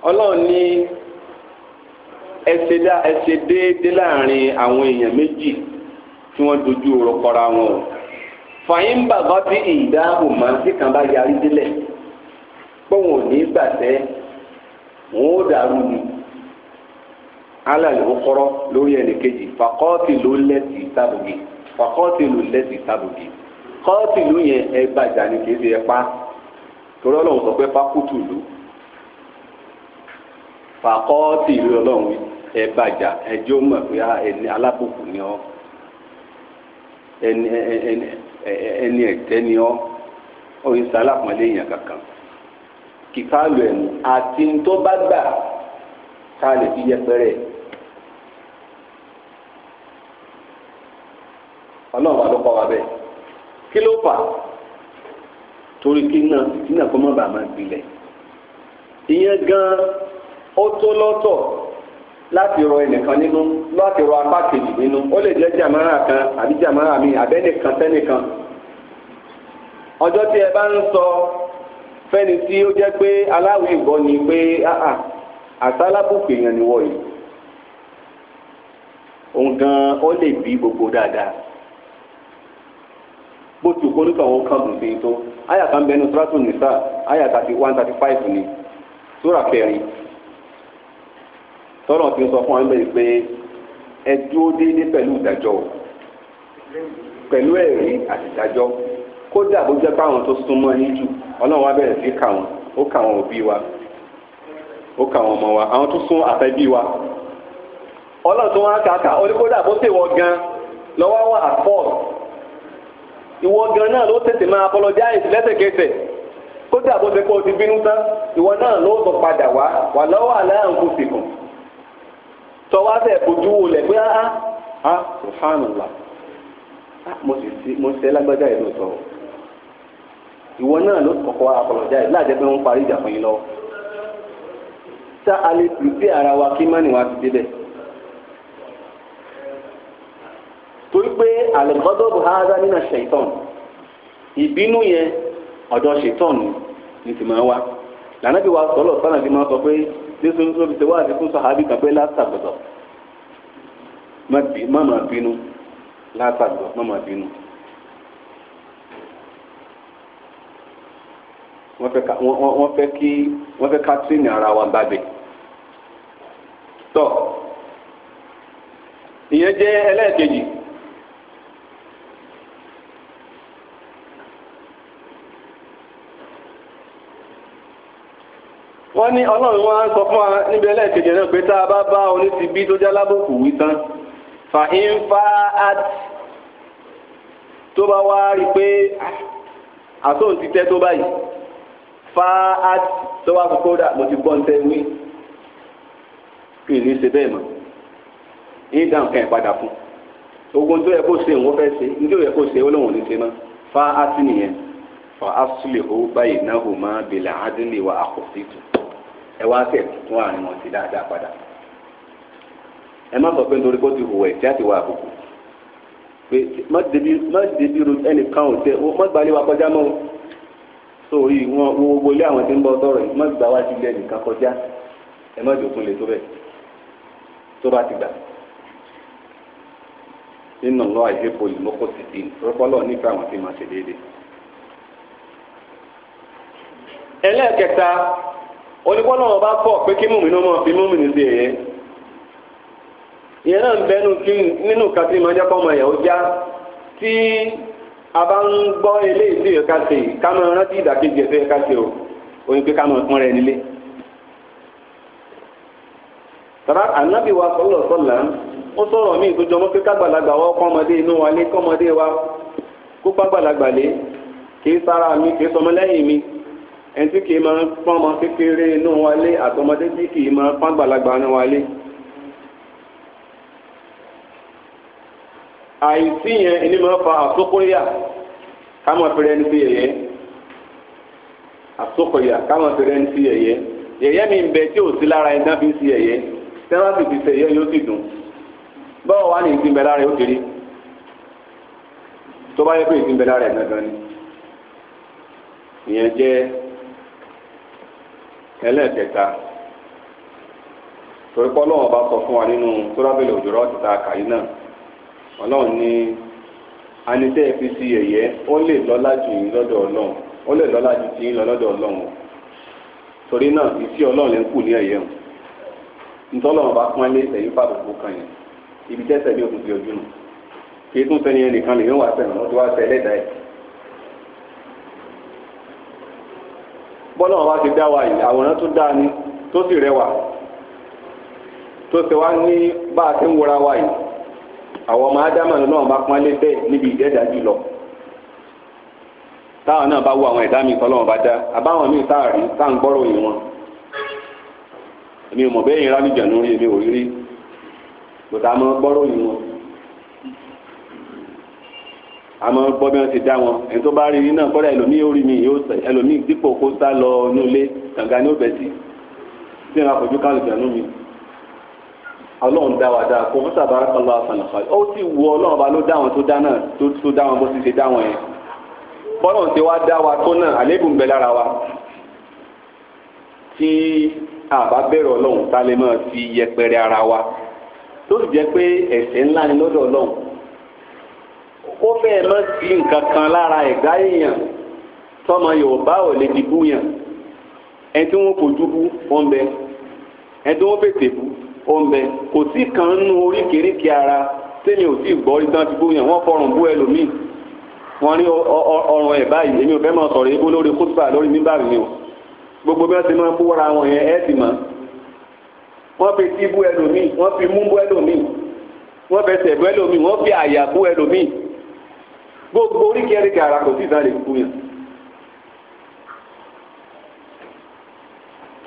ọlọ́run ní ẹsẹ déédéé láàrin àwọn èèyàn méjì tí wọ́n dojú wọn o fàyín bàbá bí ìdáhùn máa ń ka bá yarí délẹ̀ wọn ò wọn ó dàrú ni alàlẹ́ ó kọ́rọ́ lórí ẹnìkejì fàkọ́ọ̀tì ló lẹ́sì tábùgì fàkọ́ọ̀tì ló lẹ́sì yẹn ẹgbàjà ni kì í torí ọlọ́run sọ pé fákútù ló ọlọ́run ah, ẹni ni ọ ẹni ẹtẹ ni kìfàlù ẹ̀mú àti tó bá gbà tá lè fi yẹpẹrẹ ẹ̀. wa ló kọ́ wa bẹ́ẹ̀ kí ló fà torí kí náà kí náà kó má bàa máa gbilẹ̀ ìyẹn gan ó tó lọ́tọ̀ láti rọ ẹnìkan nínú láti rọ apá kejì nínú ó lè jẹ́ jàmáà kan àbí jàmáà mi àbẹ́nìkan sẹ́nìkan ọjọ́ tí ẹ bá ń sọ. So, fẹ́ni tí ó jẹ́ pé aláwọ̀ ìbọn ni pé ah, ah, àtàlábùkù èèyàn ni wọ̀nyí òun gan ó lè bí gbogbo dáadáa bó ti kó nípa àwọn kàgùn sí i tó àyà kan bẹnu sọ́tò nìsà àyà thirty one thirty five ni sóra kẹrin tọ́lọ̀ ti sọ fún wa bẹ́ẹ̀ pé ẹ dúró déédéé pẹ̀lú ìdájọ́ pẹ̀lú ẹ̀rí àti ìdájọ́ kódà bó jẹ́ pé àwọn tó súnmọ́ yín jù ọlọ́run wa bẹ̀rẹ̀ sí kà wọ́n ó kà wọ́n òbí wa ó kà wọ́n ọmọ wa àwọn tó sún àfẹ́bí wa ọlọ́run tó wá kàkà ó ní kódà bó tèwọ́ gan lọ́wọ́ wà at fault ìwọ gan náà ló tètè máa apologize lẹ́sẹ̀kẹsẹ̀ kódà bó ṣe pé o ti bínú tán ìwọ náà ló sọ padà wá wà lọ́wọ́ àlàyé kò sì kàn tọ́wọ́ sẹ̀ fojú wo lẹ̀ pé ah ah, ah subhanallah ah, mo sì ṣe lágbájá ìlú sọ̀rọ̀. ìwọ náà ló kọ́kọ́ apọlọjá yìí láàjẹ pé wọn parí ìjà fún yín lọ tá a lè pèsè ara wa kí mánì wa ti débẹ̀ torí pé ha hàdá nínà ṣèitán ìbínú yẹn ọ̀dọ̀ ṣèitán ni ti máa wá lànàbí wa sọlọ sọlọ ti máa sọ pé nítorí tó fi ṣe wá àti fún sàhábì kan pé má bínú má bínú. wọ́n fẹ́ kí wọ́n fẹ́ ká tírìnì ara wa gbàgbẹ́. tọ́ ìyẹn jẹ́ ẹlẹ́ẹ̀kejì. wọ́n ní ọlọ́run wá sọ fún wa níbi ẹlẹ́ẹ̀kejì náà pé tá a bá bá onítìbí tó já lábòkù wí tán fàhín fa at tó bá wá rí i pé ah, àtòǹtítẹ́ tó báyìí fáát tó wá kókó dà mo ti gbọ́ ń tẹ́ wí kì í ní ṣe bẹ́ẹ̀ mọ́ yín dáhùn kẹ́ ẹ̀ padà fún ogun tó yẹ kó ṣe òun fẹ́ ṣe ní tó yẹ kó ṣe olóhùn ní ṣe mọ́ fáát nìyẹn fa aslihu baynahuma bil adli wa aqsitu ẹ wá tẹ̀ tún àárín wọn sí dáadáa padà ẹ má sọ pé nítorí kó ti hùwẹ̀ tí a ti wà àbùkù pé má débi ro ẹnìkan ò tẹ má gbalẹ̀ wa kọjá mọ́ o. t'ori wọn gbogbo ilé àwọn tí ń bọ sọ̀rọ̀ yìí má gbà wá sí nìkan kọjá ẹ má jòkun lè tó bẹ́ẹ̀ tó bá ti gbà nínú lọ àìsèpò ti títì rọpọlọ nípa àwọn tí máa ṣe déédéé. ẹlẹ́ẹ̀kẹta onípọ́nà ọba pé kí múmi náà mọ̀ fi múmi ní sí ẹ̀yẹ ìyẹn náà ń bẹ́nu nínú kàtí máa jẹ́ pọ́nmọ ẹ̀yà ó tí. àbá ń gbọ́ eléyìí tí ẹ̀ka ṣe ká máa rántí ìdàkejì ẹ̀ tó ṣe o oyin pé ká máa pọ́n rẹ̀ nílé. tàbá ànábì wa sọ́lọ̀ sọ́là ó sọ̀rọ̀ míì tó jọmọ́ pé kágbàlagbà wọ́n wa lé kọ́mọdé wa kó lé kì í sára mi kì í mi ẹni tí kì í máa pọ́n kékeré inú wa lé àtọmọdé tí kì àìsí yẹn ẹni máa fa àsókòyà káma fẹrẹ ní sí yẹyẹ àsókòyà fẹrẹ ní mi bẹ tí ò sí lára ẹni fi ń sí yẹyẹ sẹ́wọ́n sì fi sẹ̀yẹ yóò sì dùn báwo wà ní ìsinmi lára yóò kiri tó bá yẹ pé ìsinmi lára ẹ̀ gangan ni ìyẹn jẹ́ ẹlẹ́ẹ̀kẹta torí bá sọ fún wa nínú ta ọlọ́run ní anitẹ́ fi ẹ̀yẹ ó lè lọ́lá jù yín lọ́dọ̀ ọlọ́run ó lè lọ́lá jù yín lọ lọ́dọ̀ ọlọ́run torí náà ìsí ọlọ́run lè ń kù ní o kan yẹn ibi tẹ́sẹ̀ ní òkùnkùn ojú nù kí tún sẹ́ni lè wá sẹ́nu ó ti wá sẹ́ ẹlẹ́dàá ẹ̀. bọ́lọ́run bá ti dá wa yìí àwòrán ni tó sì rẹwà tó àwọn ọmọ ádámà náà bá pọ́n lé bẹ́ẹ̀ níbi ìdẹ́dà jùlọ táwọn náà bá wo àwọn ẹ̀dá mi tọ́lọ́wọ́n bá dá àbáwọn míì táàrí tá à ń gbọ́rọ̀ yìí wọn èmi ò mọ̀ bẹ́ẹ̀ yẹn rálùjẹ̀ lórí èmi ò rírí kò tá a máa gbọ́rọ̀ yìí wọn a máa gbọ́ bí wọ́n ti dá wọn ẹni tó bá rí iná kọ́dà ẹlòmíì orí mi yóò sẹ̀ ẹlòmíì dípò kó sá lọ inú ilé kànga ní òbẹ̀sì tí wọ́n á fojú kálùjẹ̀ ọlọ́run dá wa dáa kó fún sàbára kọlá àfàlàfà ó sì wọ ọlọ́run ọba ló dá wọn tó dá náà tó dá wọn bó ti ṣe dá wọn yẹn bọ́lọ̀ ti wá dá wa tó náà àlébùn bẹ lára wa tí àbá bẹ̀rẹ̀ ọlọ́run tá lè máa fi yẹpẹrẹ ara wa tó sì jẹ́ pé ẹ̀ṣẹ̀ ńlá ni lọ́dọ̀ ọlọ́run ó fẹ́ẹ́ lọ sí nǹkan kan lára ẹ̀dá èèyàn tọmọ yorùbá ò lè dìbò yàn ẹni tí wọ́n kò dúbú wọ́n bẹ ẹni tí wọ́n bètè bú ó ń bẹ kò sí kan nínú oríkèéríkèé ara tẹ́mi ò tí ì gbọ́ ìtàn ti gbóyàn wọ́n fọrùn bú ẹlòmíì wọ́n ní ọrùn ẹ̀ báyìí èmi ò fẹ́ máa sọ̀rọ̀ ebó lórí kótópà lórí mímbàrún mi o gbogbo bí wọ́n ti máa ń búra wọn yẹn ẹ́ ti mọ̀ wọ́n fi tí bú ẹlòmíì wọ́n fi mú bú ẹlòmíì wọ́n fẹsẹ̀ bú ẹlòmíì wọ́n fi àyà bú ẹlòmíì gbogbo oríkèéríkèé ara kò sí ìtàn lè gbóyàn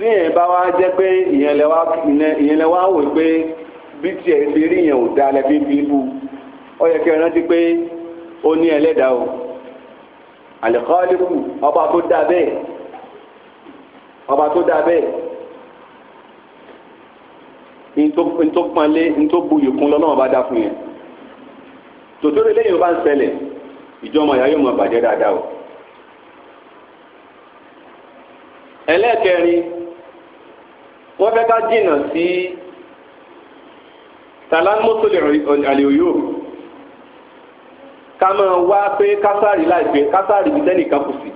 tí yẹn bá wá jẹ́ pé ìyẹn lẹ wá ìyẹn lẹ wá wò pé bí tiẹ̀ ṣe rí yẹn ò da lẹ́bí bíbú ó yẹ kí ẹ rántí pé ó ní ẹlẹ́dàá o àlẹ́kọ́ọ́lẹ́kù ọba tó dá bẹ́ẹ̀ ọba tó dá bẹ́ẹ̀ ntó pọnlé ntó buyì kún lọ́nà ọba dá fún yẹn tòtòrò eléyìí ó ń ṣẹlẹ̀ ìjọmọ ìyá yóò mọ bàjẹ́ dáadáa o ẹlẹ́ẹ̀kẹrin. wọ́n fẹ́ ká sí talamotoli àlèyò ká máa wá pé kásárì láìpẹ́ kásárì bíi sẹ́nìkan kù sí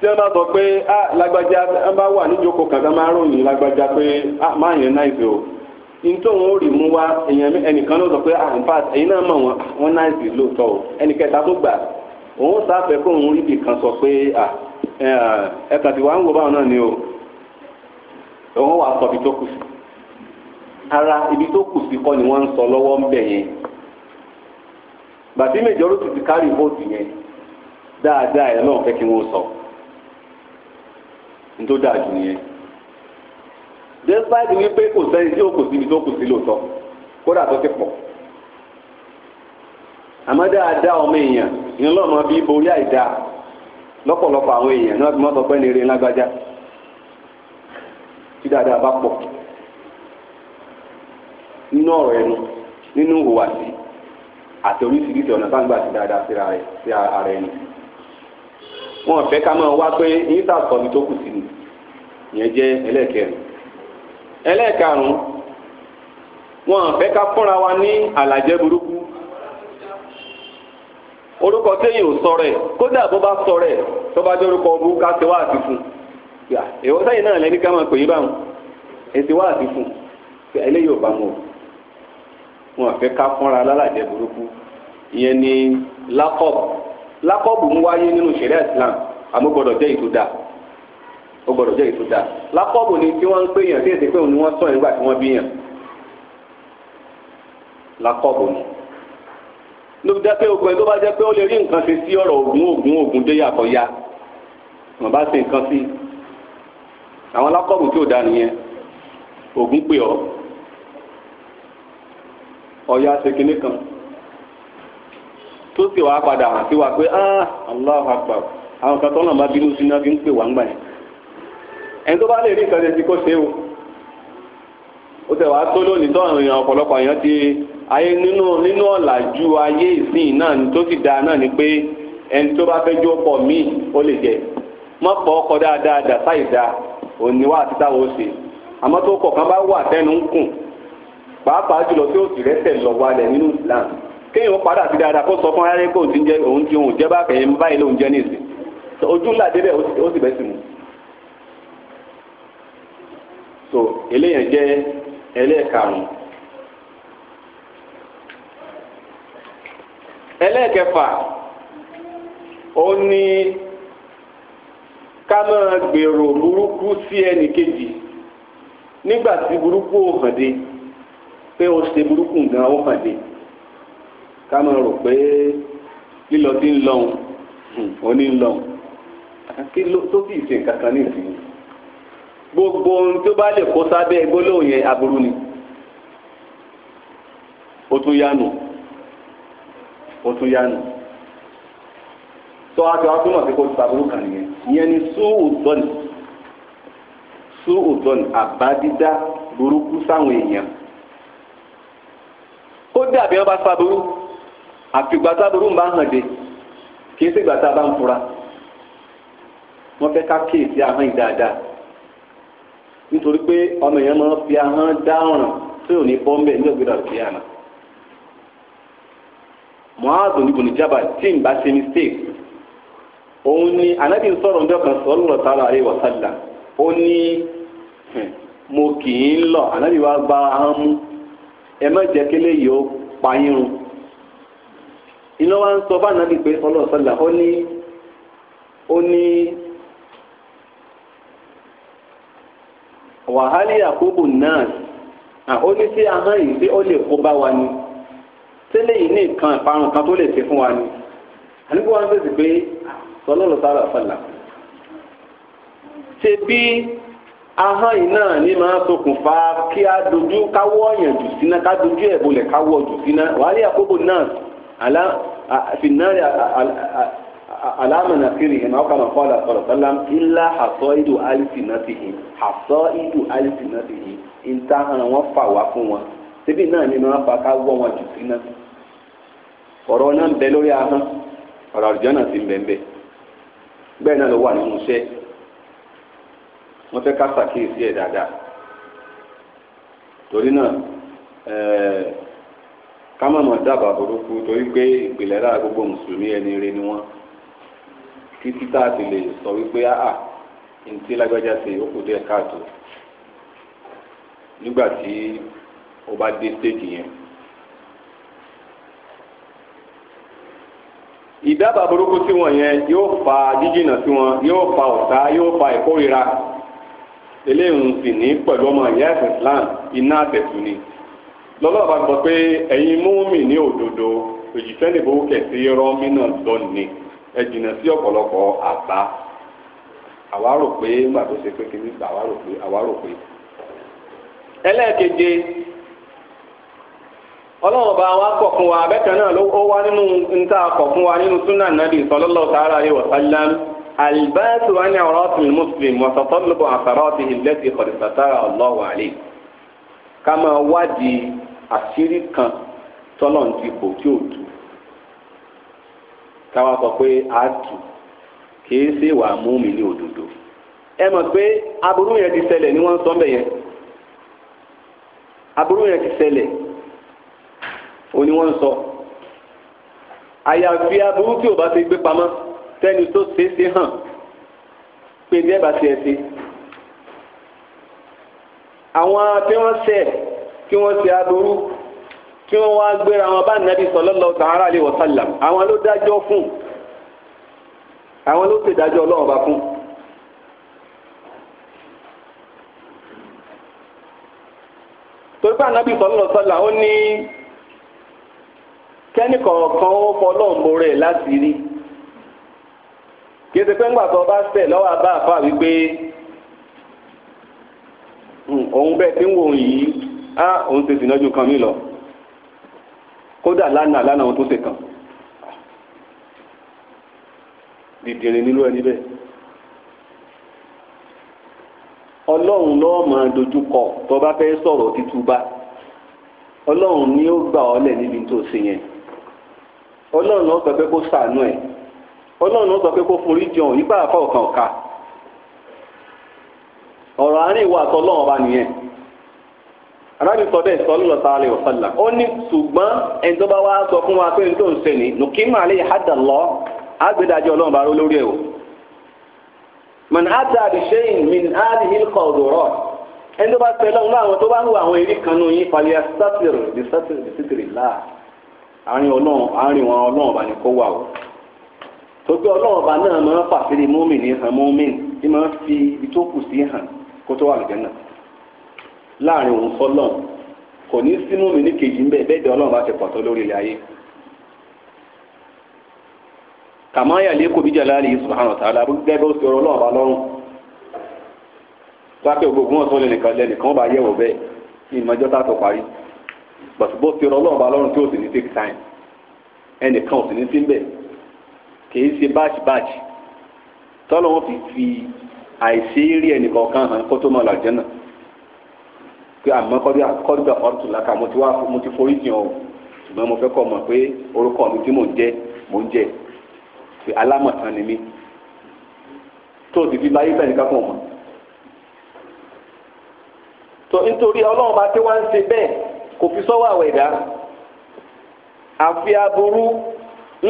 tí wọ́n bá sọ pé ah lágbájá bá wà níjókòó kan máa ròyìn lágbájá pé ah máa yẹn náà o nítorí ò rí mú wá èèyàn ẹnìkan ló sọ pé ah in fact náà mọ̀ lóòótọ́ o. òun wà sọ tó kù sí ara ibi tó kù sí kọ́ ni wọ́n ń sọ lọ́wọ́ ń bẹ̀ yẹn bàtí majority ti kárì vote yẹn dáadáa ẹ̀ náà fẹ́ kí wọ́n sọ ní tó dáa jù nìyẹn despite wípé kò sẹ́yìn tí ó ibi tó kù sí lóòótọ́ kódà tó ti pọ̀ àmọ́ dáadáa ọmọ èèyàn ìyẹn lọ́mọ borí àìdáa lọ́pọ̀lọpọ̀ àwọn èèyàn mọ́ sọ pé tí dáadáa bá pọ̀ nínú ọ̀rọ̀ ẹnu nínú ìhùwàsí àti ọ̀nà tá ń dada sí dáadáa sí ara wọn fẹ́ ká máa wá pé yín ni tó kù sí ni ìyẹn jẹ́ wọn fẹ́ ká fúnra wa ní àlàjẹ́ burúkú ò kódà bó tó bá èèwọ̀ sáyẹn náà lẹ́ni ká máa pè é báwọn èsì wá àti fún eléyìí ò bá wọn o wọn fẹ́ ká fúnra lálàjẹ burúkú ìyẹn ni lákọ̀bù lákọ̀bù ń wáyé nínú ṣẹ̀ríà Islam àmọ́ gbọ́dọ̀ jẹ́ ètò dáa ó gbọ́dọ̀ jẹ́ ètò dáa lákọ̀bù ni tí wọ́n ń pè yàn tí èsì pé òun ni wọ́n sọ nígbà tí wọ́n bí yàn lákọ̀bù ni lóbi jẹ́ pé ogun tó bá jẹ́ pé ó lè rí nǹkan ṣe sí ọ̀rọ̀ ògùn ògùn ògùn déyàtọ̀ ya wọn bá ṣe nǹkan sí i àwọn alákọ̀ọ́bù tí ò dá nìyẹn ògún pè ọ́ ọ̀ya ṣe kan tó sì padà ah àwọn kan tó náà bínú sí náà fi ń pè wá ń gbà yẹn ẹni tó bá lè rí nǹkan ṣe ti kó ṣe o ó tẹ̀ wá tó lónìí tó àwọn èèyàn ọ̀pọ̀lọpọ̀ ti ayé nínú nínú ju ayé ìsìn náà tó sì da náà ni pé ẹni tó bá fẹ́ jó pọ̀ míì ó òní wá àti táwọn ó ṣe àmọ́ tó kọ̀ọ̀kan bá wà tẹ́nu ń kùn pàápàá jùlọ tí ó sì rẹ́sẹ̀ lọ wálẹ̀ nínú Islam kéèyàn ó padà sí dáadáa kó sọ fún ara rẹ̀ pé òun ti ń jẹ òun ti òun jẹ́ bá kẹ̀yìn báyìí lóun jẹ́ ní ìsìn ojú ńlá débẹ̀ ó sì bẹ́ sí mu. so eléyàn jẹ́ ẹlẹ́ẹ̀karùn-ún. ẹlẹ́ẹ̀kẹfà ó ní. Kama máa gbèrò burúkú sí ẹnì kejì nígbà tí burúkú ò hàn dé pé ó ṣe burúkú gan ó hàn dé ká máa rò pé lílọ tí ń lọhùn òní ń lọhùn kí ló tó kì í ṣe nǹkan kan ní gbogbo ohun tó bá lè kó sábẹ́ gbólóhùn yẹn aburú ni ó tún yánu ó tún yánu. tó a jọ agbọ́n àti kóòtù kan nìyẹn ìyẹn ni sóòtọ́nì sóòtọ́nì àbádídá burúkú sáwọn èèyàn ó dàbí ọba sábúrú àfìgbà sábúrú ń bá hàn dé kì í ṣègbà tá a bá ń fura wọ́n fẹ́ ká ahọ́n yìí dáadáa nítorí pé ọmọ èèyàn máa ń fi ahọ́n dá ọ̀ràn tí ò òun ni anabi sọ̀rọ̀ ǹjọ́ kan sọ̀rọ̀ tààrà àrẹ wàsálà ó ní mo kì í lọ anabi wa gba ahọ́n mú ẹ má jẹ́ kélé yìí ó pa yín run iná wa ń sọ bá anabi pé sọ̀rọ̀ sọ̀là ó ní ó ní wàhálì àkóbò náà ó ní sí ahọ́n yìí sí ó lè kó bá wa ni tẹ́lẹ̀ yìí ní nǹkan ìparun kan tó lè ṣe fún wa ni àníkó wa ń fèsì pé sọlọ́nù sábà fàlà ṣe bí ahọ́n yìí náà ní máa ṣokùnfà kí a dojú káwọ́ ọ̀yàn jù síná ká dojú ẹ̀ bolẹ̀ káwọ́ jù síná wàhálì àkókò náà àlá fìnnáàrí alámànà kiri ìhìn àwọn kan kọ́ ọ̀la sọ̀rọ̀ sọ́lá ńlá àsọ ìdù àìsì náà ti hìn àsọ ìdù àìsì náà ti hìn ìta hàn wọ́n fà wá fún wọn síbí náà ní máa fa ká wọn jù síná ọ̀rọ̀ náà ń bẹ lórí ahọ́n ọ̀rọ̀ àrùjọ náà ti ń bẹ ń bẹ́ẹ̀. bẹ́ẹ̀ náà ló wà nínú iṣẹ́ wọ́n fẹ́ ká ṣàkíyèsí ẹ̀ dáadáa torí náà eh, ká má mọ̀ dábàá burúkú torí pé ìpìlẹ̀ lára gbogbo mùsùlùmí ẹni rẹ ni wọ́n títí tá a ti lè sọ wípé áà ntí lágbájá ṣe òkú dé káàtó nígbà tí ó bá dé stéèjì yẹn ìdábàá burúkú sí wọn yẹn yóò fa jíjìnà sí wọn yóò fa ọ̀tá yóò fa ìkórira eléyìí sì ní pẹ̀lú ọmọ ìyá ẹ̀sìn Islam iná àtẹ̀tù ni lọ́lọ́ọ̀bá gbọ́ pé ẹ̀yin múmi ní òdodo òjìṣẹ́ kẹ̀sí rọ́mínà ẹ sí ọ̀pọ̀lọpọ̀ àbá ní gbà ọlọ́run bá wa kọ̀ fún wa abẹ́tẹ̀ náà ló ó wá nínú níta kọ̀ fún wa nínú súnà nàbì sallallahu ta'ala albáàtù ní ọ̀rọ̀ muslim wa tatlubu àsàrọ̀tì ká máa wádìí àṣírí kan tọ́lọ̀ ń ti kò tí ò sọ pé a tù kìí ṣe mi ní ẹ mọ̀ pé aburú yẹn ti ni wọ́n òní wọ́n ń sọ àyàfi aburú tí ò bá ti gbé pamọ́ tẹ́ni tó ṣeé ṣe hàn pé ní ẹ̀bà tiẹ̀ ṣe àwọn tí wọ́n ṣẹ̀ kí wọ́n ṣe aburú tí wọ́n wá gbéra wọn bá nàbí sallallahu ta'ala alaihi wa sallam àwọn ló dájọ́ fún àwọn ló ṣèdájọ́ ọlọ́run bá fún. torí pé ànábì sallallahu sallam ó ní. kẹ́nìkọ̀ọ̀kan ó fọlọ́ǹbó rẹ̀ láti rí kí ẹsẹ̀ pé ńgbà tó bá sẹ̀ lọ́wọ́ abá àfa wípé hmm, òun bẹ́ẹ̀ tí ń wò yìí á òun ti kan lọ kódà lánàá lánàá òun tó ṣe kàn dìdìrín nílò ẹni bẹ́ẹ̀ ọlọ́run máa dojúkọ tó bá fẹ́ sọ̀rọ̀ ọlọ́run ni ó gbà ọ́ lẹ̀ níbi tó ṣe ọlọ́run ó sọ pé kó sàánú ẹ̀ ọlọ́run ó sọ pé kó forí jọun yípa àfọ̀ ọ̀kan ọ̀ka ọ̀rọ̀ àárín ìwà àtọ́lọ́run ọba nìyẹn arábì sọ bẹ́ẹ̀ sọ lọ́lọ́ ta alẹ́ ọ̀sánlá ó ní ṣùgbọ́n ẹni tó bá wá sọ fún wa pé n tó ń ṣe ní nùkímà lè hàdà lọ àgbẹ̀dájọ́ ọlọ́run bá ró lórí ẹ̀ o mọ̀n àtà àbíṣẹ́yìn mi ní àdì hílkọ̀ ọ̀dọ̀rọ̀ ẹni tó bá ṣe lọ́run láwọn tó bá ń wo àwọn eré kan nù yín falẹ̀ sátìrì sátìrì sátìrì láà àárín ọlọ́run àárín wọn ọlọ́run ọba ni kó wà o tóbi ọlọ́run ọba náà máa ń fàṣírí mọ́mìnì hàn mọ́mìnì tí máa ń fi ìtókù sí hàn kó tó wà lẹ́jẹ̀ náà láàrin òun sọ́lọ́run kò ní sí mọ́mìnì kejì ń bẹ́ẹ̀ bẹ́ẹ̀ dẹ́ ọlọ́run bá ti lórí ayé ọba lọ́rùn ògbógun lẹ́nìkan lẹ́nìkan gbàtúbọ̀ ti rọ lọ́wọ́ ọlọ́run tí ó sì ní take time ẹnìkan ò sì ní sí mbẹ̀ kì í ṣe báàjì báàjì tọ́lọ́ wọn fi fi àìsí rí ẹnìkan kan hàn kó tó máa lọ àjẹ́ náà pé àmọ́ kọ́dúgbà ọ̀tún làkà mo ti wá mo ti forí jìn ọ́ ṣùgbọ́n mo fẹ́ kọ́ mọ̀ pé orúkọ mi tí mò ń jẹ́ mò ń jẹ́ pé alámọ̀tán ni mí tó ti fi báyé bẹ́ẹ̀ ní kápọ̀ mọ́ tó nítorí ọlọ́run bá ti wá ń ṣe bẹ́ẹ̀ kò fi sọ́wọ́ àwẹ̀ dá àfi aburú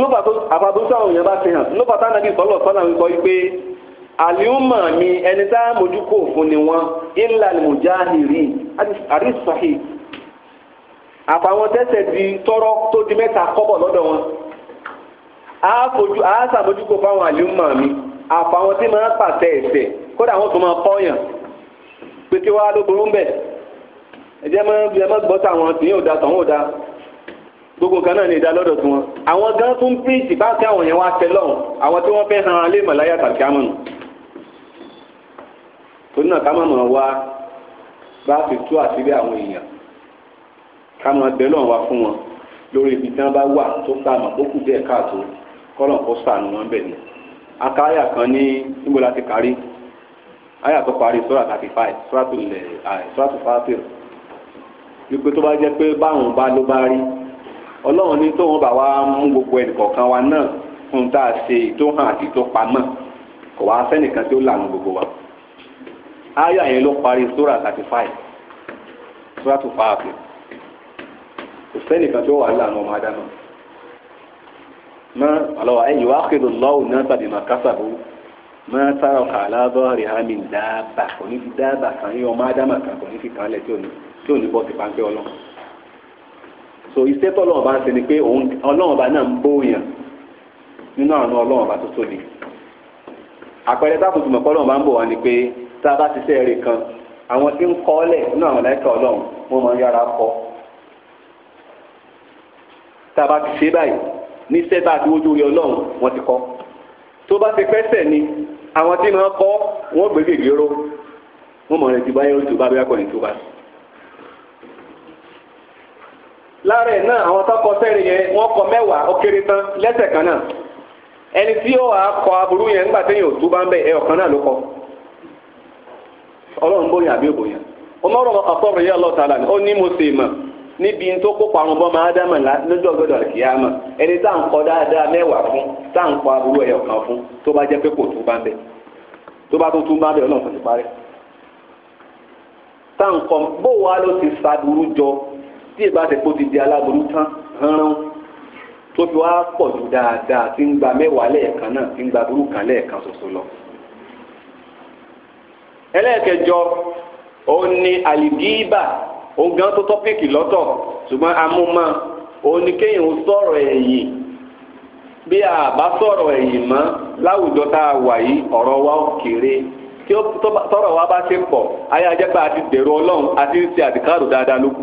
lóba tó àfàbùrú táwọn èèyàn bá fi hàn lóba tá nàbí sọlọ sọlá ń sọ wípé àlìhùmọ̀ mi ẹni tá a mójú kò fún ni wọn ilà mùjáhìrì àríṣàhì àfàwọn tẹsẹ̀ di tọrọ tó di mẹ́ta kọ́bọ̀ lọ́dọ̀ wọn a fojú a sàmójú kò fáwọn àlìhùmọ̀ mi àfàwọn tí máa ń pàtẹ ẹsẹ̀ kódà wọn tún máa kọyàn pé kí wàá ló burú ń bẹ ẹ̀jẹ̀ mọ́ bí ẹ mọ́ gbọ́ táwọn tìyín ò da tọ̀hún ò da gbogbo nǹkan náà ní ìdá lọ́dọ̀ tí wọn. àwọn gan tún píríǹtì bá tí àwọn yẹn wá tẹ lọ́hùn àwọn tí wọ́n fẹ́ han alẹ́ mọ̀láyà tàbí àmọ̀nù. torí náà ká má mọ̀ wá bá fi tú àṣírí àwọn èèyàn ká má bẹ́ lọ́hùn wá fún wọn lórí ibi tí wọ́n bá wà tó ká àmọ̀ ó kù díẹ̀ káàtó kọ́lọ̀ kó sànù wọn bẹ̀ ni. aka àyà kan ní níbo la ti kárí àyà tó parí sọ́ra thirty five sọ́ra tó lẹ̀ eh, sọ́ra tó fàá wípé tó bá jẹ́ pé báwọn bá ló bá rí ọlọ́run ní tóun bá wá mú gbogbo ẹnìkọ̀ọ̀kan wa náà fún tá a ṣe tó hàn àti tó pamọ́ kò wá sẹ́nìkan tí ó lànà gbogbo wa áyà yẹn ló parí sóra thirty five sóra tó fa àpè kò sẹ́nìkan tí ó wà lànà ọmọ adá náà mọ àlọ́ ẹ̀yìn wá kéde lọ́wọ́ náà tàbí màkásàbò mọ sára kàlá bọ́ọ̀rì hàmì dáàbà kò ní fi dáàbà kàn yín ọmọ adá màkà kò ní fi kàn án lẹ́tí òní tí ò ní bọ́ sí pàǹpẹ́ ọlọ́run so iṣẹ́ tó ọlọ́run bá ń ṣe ni pé ọlọ́run bá náà ń bóyàn nínú àwọn ọlọ́run bá tó tóbi àpẹẹrẹ táàbù tó mọ̀ pé ọlọ́run bá ń bò wá ni pé tá a bá ti sẹ́ẹ̀rì kan àwọn tí ń kọ́ ọ́lẹ̀ nínú àwọn láìka ọlọ́run wọ́n máa ń yára kọ́ tá a bá ti ṣe báyìí ní sẹ́ẹ̀bà àti ojú rí ọlọ́run wọ́n ti kọ́ tó bá ti pẹ́sẹ̀ ni lára ẹ̀ náà àwọn tọkọ sẹ́rin yẹn wọ́n kọ mẹ́wàá ó kéré tán lẹ́sẹ̀ kan náà ẹni tí ó wàá kọ aburú yẹn nígbà téèyàn ò bá ń bẹ ẹ ọ̀kan náà ló kọ ọlọ́run bóyá àbí òbòyàn ọmọọrọ ọmọ kàtọ́ rẹ̀ yẹ ọlọ́ta lánà ó ní mo sì mọ̀ níbi tó kó mọ̀ ẹni tá à ń kọ fún tá à ń kọ aburú fún tó bá jẹ́ pé kò bá ń bẹ tó bá bá ń bẹ ọlọ́run kò tí ìbá ti kó ti di aláboyún tán hánrán tó fi wá pọ̀ ju dáadáa tí ń gba mẹ́wàá lẹ́ẹ̀kan náà tí ń gba burú kan lẹ́ẹ̀kan ṣoṣo lọ. ẹlẹ́ẹ̀kẹjọ òun ni àlìgíbà òun gan tó tọ́pìkì lọ́tọ̀ ṣùgbọ́n amúmọ́ òun ni kéèyàn ó sọ̀rọ̀ ẹ̀yìn bí a bá sọ̀rọ̀ ẹ̀yìn mọ́ láwùjọ tá a wà yìí ọ̀rọ̀ wa ó kéré tí tọ́rọ̀ wa bá ṣe pọ̀ ayé ajẹ́pẹ́ àti dèrò ọlọ́run àti ń ṣe àdìkárò dáadáa lókù.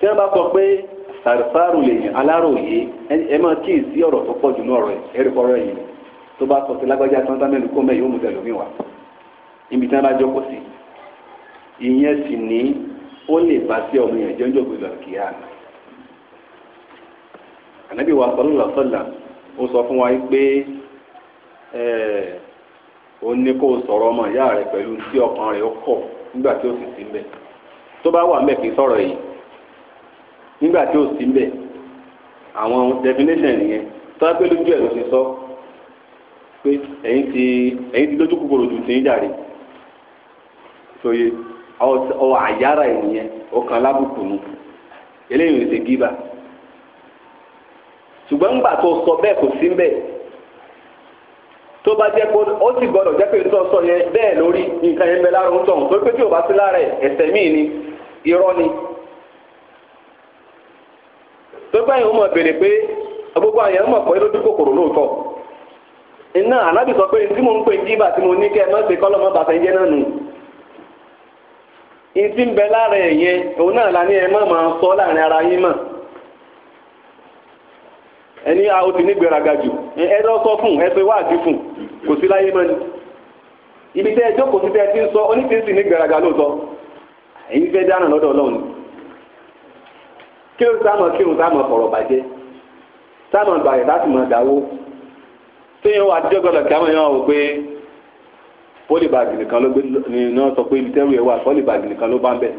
tí wọ́n bá sọ pé sàrìfáàrù lèyìn aláròyé ẹ máa kí ìsí ọ̀rọ̀ tó pọ̀ jù náà rẹ̀ ẹ̀rí kọ́rọ̀ yìí tó bá sọ sí lágbájá tí wọ́n sá mẹ́rin kó mẹ́ yóò mú tẹ̀ lómi wá ibi tí wọ́n bá jókòó sí ìyẹn sì ní ó lè bá sí ọmọ yẹn jẹ́ ńjọ́gbé lọ kí á ànábì wa sọlọ́lá sọlá ó sọ fún wa pé ó ní kó sọ̀rọ̀ ọmọ ìyá rẹ̀ pẹ̀lú tí ọkàn rẹ̀ ó kọ̀ nígbà tí ó sì sí mbẹ̀ tó bá wà mbẹ̀ kì í sọ̀rọ̀ yìí nígbà tí ò sí mbẹ̀ àwọn definition nìyẹn tọ́lá pé lójú ẹ̀ ló ti sọ pé ẹ̀yin ti ẹ̀yin ti lójú kòkòrò ju tìyín jàre sóye ọ̀ àyára ìnìyẹn ọkàn lábùkù nù eléyìí ò ṣe gíba ṣùgbọ́n ńgbà tó sọ bẹ́ẹ̀ kò sí mbẹ̀ tó bá jẹ́ pé ó sì gbọ́dọ̀ jẹ́ pé nítorí sọ yẹn bẹ́ẹ̀ lórí nǹkan yẹn bẹ lára ń tọ̀hún tó pé tí ò bá sí lára ẹ̀ ẹ̀sẹ̀ míì ni irọ́ ni táyà wọn mọ̀ pe pé gbogbo àyàn mọ̀ pé lójú kòkòrò lóòótọ́ iná ànábì pé tí mo ń pè jíbà tí mo ní kẹ́ ẹ má ṣe kọ́lọ́mọ bàtà ń jẹ́ náà nù ìtì ń bẹ lára ẹ̀ yẹn òun náà la sọ láàrin ara yín a ó ti ní gbéraga jù ẹ lọ sọ fún ẹ pé wáàdí fún kò sí láyé ni ibi tẹ́ ẹ sí tẹ́ ẹ ti ń sọ ní gbéraga lóòótọ́ èyí ni. kí ló sáà mọ̀ kí òun sáà mọ̀ fọ̀rọ̀ bàjẹ́ sáà mọ̀ gbàyẹ̀ láti mọ̀ dáwó téèyàn wà àtijọ́ gbọ́dọ̀ kí á mọ̀ yẹn wà wò pé pólíbàgì nìkan ló gbé ní náà sọ pé ìtẹ́rù ẹ̀ wà pólíbàgì nìkan ló bá ń bẹ̀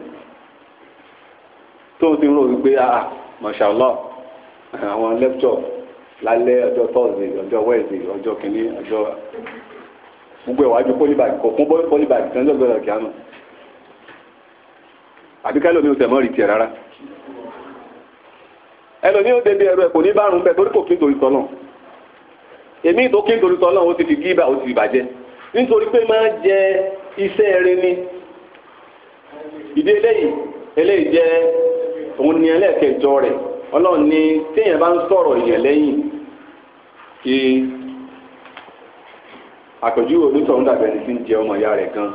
tó ti ń rò wípé ah, ah mọ̀ṣálọ́ àwọn lẹ́pítọ̀ lálẹ́ ọjọ́ tọ́sí ọjọ́ wẹ́ẹ̀sì ọjọ́ kìíní ọjọ́ gbogbo ẹ̀wájú pólíbàgì kò fún pólíbàgì tán lọ́gbẹ̀rẹ̀ kí á mọ̀ àbíkálẹ̀ omi ò tẹ̀ mọ́ rí tiẹ̀ rárá ẹlòmí ó débi ẹrù ẹ kò ní bárùn bẹ torí kò kí n torí tọ́lọ̀ èmi tó kí n torí tọ́lọ̀ ó ti fi gíbà ó ti fi bàjẹ́ nítorí pé máa jẹ iṣẹ́ rẹ ni ìdí eléyìí eléyìí jẹ òun ni ẹlẹ́ẹ̀kẹjọ rẹ̀ ọlọ́run ni téèyàn bá ń sọ̀rọ̀ èèyàn lẹ́yìn kí àpèjúwe onítọ̀hún dàbẹ̀ ti ń jẹ ọmọ ìyá rẹ̀ gan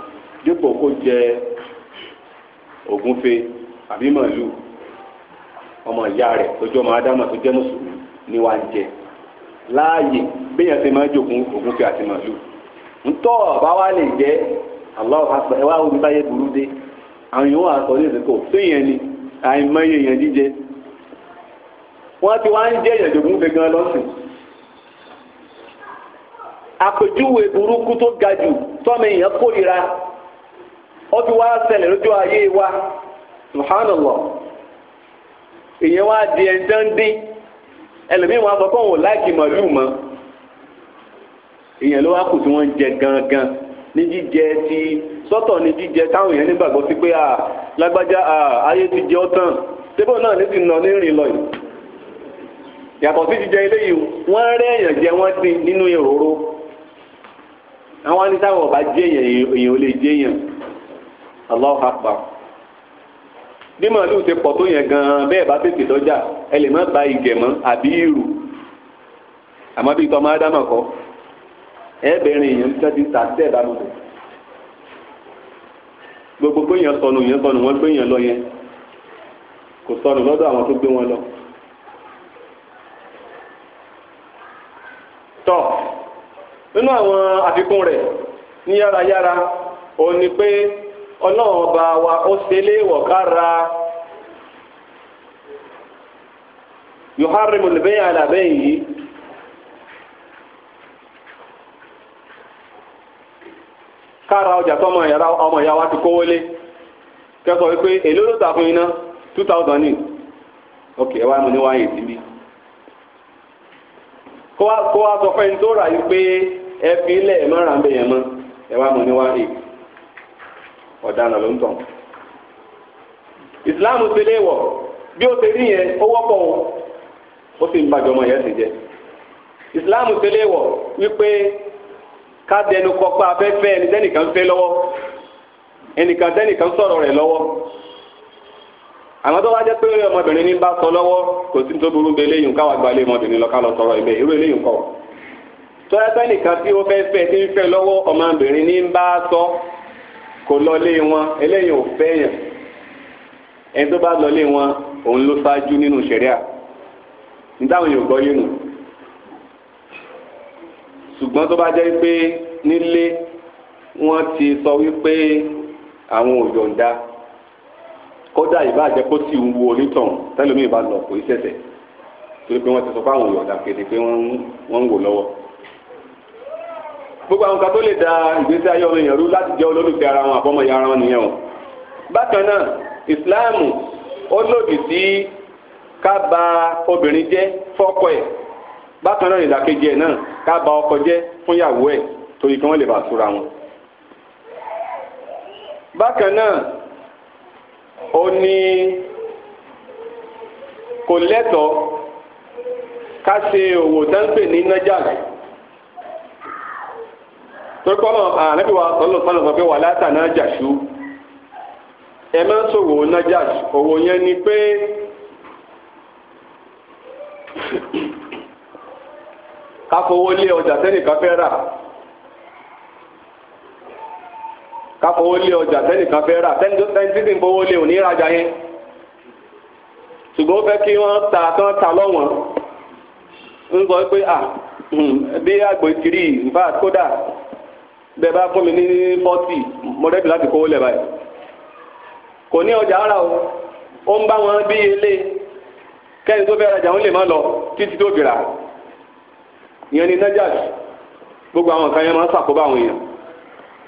dípò kó jẹ ògúnfe àbí màálù ọmọ ìyá rẹ̀ tó ọmọ adama tó jẹ́ mùsùlùmí ni wà ń jẹ láàyè ti máa jòkun ògùn fi àti màlúù ntọ́ ọ̀bá wa lè jẹ́ Allah àgbà ẹ omi burú dé àwọn èèyàn sọ ní ìsìnkú ni àìmọye èèyàn jíjẹ wọ́n ti wá ń jẹ́ èèyàn jòkun wa èèyàn wá di ẹjọ́ ń dín ẹlòmíì wọn àkọ́kọ́ wọn ò láìkì màlúù mọ́ èèyàn ló wá kù tí wọ́n ń jẹ gangan ní jíjẹ ti sọ́tọ̀ ní jíjẹ táwọn èèyàn nígbàgbọ́ sí pé à lágbájá à ayé ti jẹ ọ́ tán débò náà ní ti nà ní rìn lọ yìí yàtọ̀ sí jíjẹ eléyìí wọ́n rẹ́ èèyàn jẹ wọ́n dín nínú ìroró àwọn anítàwọn ọba jẹ èèyàn èèyàn ò lè jẹ èèyàn Allahu Akbar bí màálùú ti pọ̀ tó yẹn gan-an bẹ́ẹ̀ bá tètè dọ́jà ẹ lè má ba ìgẹ̀mọ́ àbí ìrù àmọ́ bí tọ́mọ ádámà kọ́ ẹ bẹ̀rẹ̀ èèyàn tí wọ́n ti ta tẹ́ ẹ̀ bá lọ́dọ̀ gbogbo pé èèyàn sọnù èèyàn sọnù wọ́n gbé èèyàn lọ yẹn kò sọnù lọ́dọ̀ àwọn tó gbé wọn lọ. tọ́ nínú àwọn àfikún rẹ̀ ní yárayára òun ni pé. ọlọ́run ọba wa ó ṣe léèwọ̀ ká ra yuharrimu yìí. kára ọjà tó ọmọ ìyàrá ọmọ ìyá wa ti kówó lé kẹsọ wípé èló ló tà oke iná two thousand ní ok ẹ wá mú ní wáyé síbí kó wá sọ fẹ́ni tó rà yìí pé ẹ fi ilẹ̀ ọ̀daràn ló ń tàn. ìsìláàmù ti lé bí ó ti rí yẹn ó wọ́pọ̀ o ó sì ń bàjọ́ ọmọ yẹn sì jẹ́. ìsìláàmù ti lé wọ̀ wípé ká dẹnu kọpa afẹ́fẹ́ ẹni tẹ́nìkan fẹ́ lọ́wọ́ ẹnìkan tẹ́nìkan sọ̀rọ̀ rẹ̀ lọ́wọ́ àwọn tó pé ọmọbìnrin ní bá sọ lọ́wọ́ kò sí eléyìí ká sọ̀rọ̀ kò lọlé wọn eléyìí ò fẹ́yàn ẹni tó bá lọlé wọn òun ló ṣáájú nínú ṣẹ̀ríà nítawọn yóò gbọ́ yé nu ṣùgbọ́n tó bá jẹ́ pé nílé wọ́n ti sọ wípé àwọn ò yọ̀ǹda kódà ìbàjẹ́ kó sì ń wo onítọ̀hún tẹ́lómi ìbá lọ kò í ṣẹ̀ṣẹ̀ torí pé wọ́n ti sọ pé àwọn kéde pé wọ́n ń wò lọ́wọ́. gbogbo àwọn kan tó lè da ìgbésí ayé ọmọ èèyàn rú láti ara wọn àbọ̀mọ̀ ìyá ara wọn nìyẹn o bákan náà ìsìláàmù ó lòdì sí ká bà obìnrin jẹ́ fọ́kọ ẹ̀ bákan náà ìdàkejì ẹ̀ náà ká bà ọkọ jẹ́ fún ìyàwó ẹ̀ torí kí wọ́n lè bá súra wọn. bákan náà ó ní kò lẹ́tọ̀ọ́ ká ṣe òwò tọ́kọ́lọ́ ah, ànábì wa sọ́lọ́ sọ́lọ́ sọ pé wà látàná jàṣú ẹ máa ń òwò yẹn ni pé káfowó lé ọjà fẹ́ rà lé ọjà tẹ́nìkan fẹ́ rà tẹ́ni ń fowó lé òní ìrajà yẹn bẹ́ẹ̀ bá fún mi ní fọ́tì mọ̀rẹ́dì láti kówó lẹ̀ báyìí kò ní ọjà ara o ó ń bá wọn bí ilé kẹ́ni tó fẹ́ rajà lè má lọ títí tó ìyẹn ni najas gbogbo àwọn nǹkan yẹn máa ń ṣàkóbá àwọn èèyàn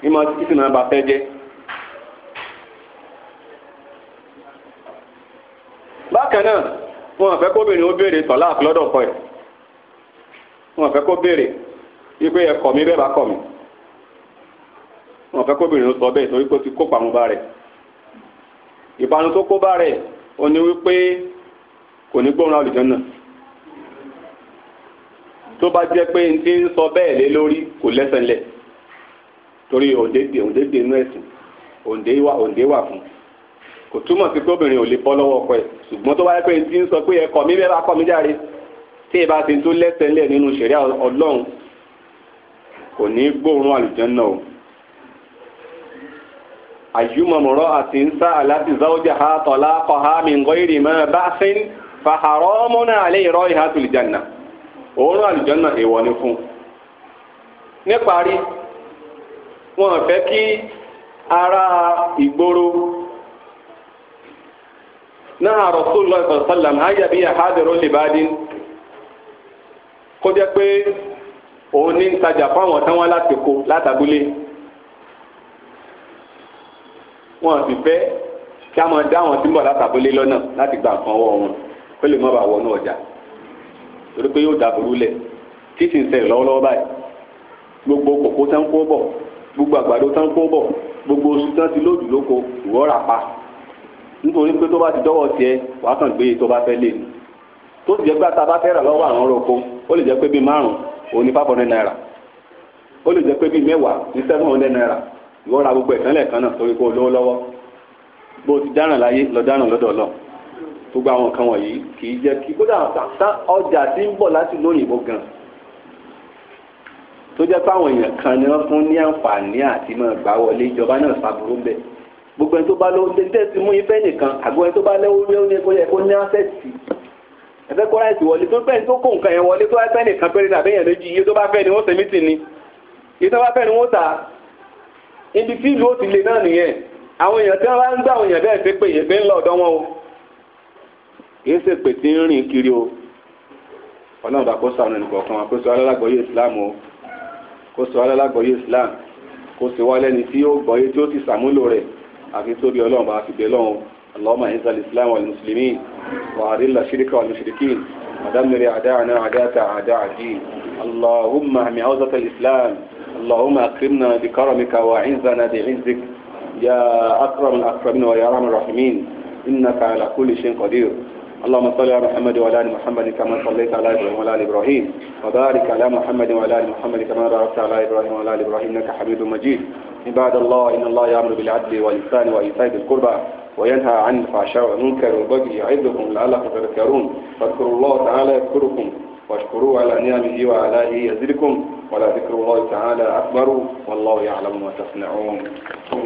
ní máa títí sì máa bá fẹ́ jẹ́. bákan náà wọn ó béèrè tọ́lá wọn kó bá kọ̀ mi. wọn fẹ́ kóbìnrin ló sọ bẹ́ẹ̀ torí pé ó ti kó parun bá rẹ̀ ìparun tó kó bá rẹ̀ ó ní wípé kò ní gbóhùn àlùjọ náà tó bá jẹ́ pé n ti ń sọ bẹ́ẹ̀ lé lórí kò lẹ́sẹ̀ ńlẹ̀ torí òǹdé dè òǹdé dè inú ẹ̀sìn òǹdé wà òǹdé wà fún kò túmọ̀ sí pé ò lè bọ́ lọ́wọ́ ọkọ ẹ̀ ṣùgbọ́n tó bá jẹ́ pé n ti ń sọ pé ẹ̀kọ́ mi bẹ́ẹ̀ bá kọ́ mi járe tí ìbá ti tó lẹ́sẹ̀ ńlẹ̀ nínú ṣẹ̀ríà Ọlọ́run kò ní gbóòórùn àlùjọ náà o àyùmọ̀ mọ̀rọ̀ àti ń sá aláti záwọ́jà ha tọ̀lá kọ̀ ha mi ngọ́ ìrì mọ́ bá sí ń fa àrọ́ mọ́nà alẹ́ ìrọ́ ìhà tó lè jànà òórùn àlùjọ́nà èèwọ̀ ni fún un. níparí wọn fẹ́ kí ara ìgboro náà Rasulullah sallallahu alaihi wasallam ayàbí àhádẹ́rọ́ lè bá dín kó jẹ́ pé òun ní ń tajà fáwọn tán wá láti kó látàbúlé wọn sì fẹ́ kí a máa dá àwọn tí ń bọ̀ látàbọ̀lé lọ́nà láti gba nǹkan ọwọ́ wọn kó lè má bàa wọnú ọjà torí pé yóò dàbòrú lẹ̀ tí sì ń ṣẹlẹ̀ lọ́wọ́lọ́wọ́ báyìí gbogbo kòkó tán kó bọ̀ gbogbo àgbàdo tán kó bọ̀ gbogbo oṣù tán ti lóòdù lóko ìwọ́ra pa nítorí pé tó bá ti dọ́wọ́ tiẹ̀ wàá kàn gbé e tó bá fẹ́ lé ni tó sì jẹ́ pé àtàbá fẹ́ rà lọ́wọ́ àwọn ọ̀rọ̀kọ ó lè jẹ́ pé bíi márùn-ún òun ni five hundred naira ó lè jẹ́ pé bíi mẹ́wàá ní seven hundred naira ìwọ ra gbogbo ẹ̀tàn lẹ́ẹ̀kan náà torí kó lówó lọ́wọ́ bó ti dáràn láyé lọ dáràn lọ́dọ̀ lọ gbogbo àwọn nǹkan wọ̀nyí kì í jẹ́ kí kódà ọjà tí ń bọ̀ láti lóyìnbó gan tó jẹ́ pé àwọn èèyàn kan ni wọ́n fún ní àǹfààní àti máa gbà wọlé ìjọba náà ṣàbùrú bẹ́ẹ̀ gbogbo ẹni tó bá lówó ní tẹ́sí mú ifẹ́ nìkan àgọ́ ẹni tó bá lówó ní oní ẹ̀kọ́ yẹ kó ní ásẹ̀tì ẹ̀fẹ́ kó ráìsì wọlé tó bẹ́ẹ̀ tó kó nǹkan yẹn wọlé tó bá fẹ́ nìkan péré tàbí èèyàn méjì iye tó bá fẹ́ ni wọ́n ṣe ni iye tó bá fẹ́ ni wọ́n tà ibi tí ìlú ó ti le náà nìyẹn àwọn èèyàn tí wọ́n bá ń gbà àwọn èèyàn bẹ́ẹ̀ ṣe pé èèyàn fi ń lọ ọ̀dọ̀ wọn o kìí ṣe pé tí ń rìn kiri o ọlọ́run bá kó sànù ẹnì kọ̀ọ̀kan wa kó sọ alálàgbọ́yé islam o kó sọ alálàgbọ́yé islam kó sì wá lẹ́ni tí ó gbọ́yé tí ó ti sàmúlò rẹ̀ àfi tóbi ọlọ́run bá fi bẹ́ẹ̀ lọ́hùn اللهم اعز الاسلام والمسلمين واذل الشرك والمشركين ودمر اعداءنا اعداءك اعداء الدين اللهم اهم عوزة الاسلام اللهم أكرمنا بكرمك وعنزنا بعزك يا أكرم الأكرمين ويا أرحم الراحمين إنك على كل شيء قدير اللهم صل على محمد وعلى ال محمد كما صليت على ابراهيم وعلى ال ابراهيم وبارك على محمد وعلى ال محمد كما باركت على ابراهيم وعلى ال ابراهيم انك حميد مجيد عباد الله ان الله يامر بالعدل والاحسان وايتاء ذي القربى وينهى عن الفحشاء والمنكر والبغي يعظكم لعلكم تذكرون فاذكروا الله تعالى يذكركم واشكروه على نعمه وعلائه يزدكم ولذكر الله تعالى أكبر والله يعلم ما تصنعون ثم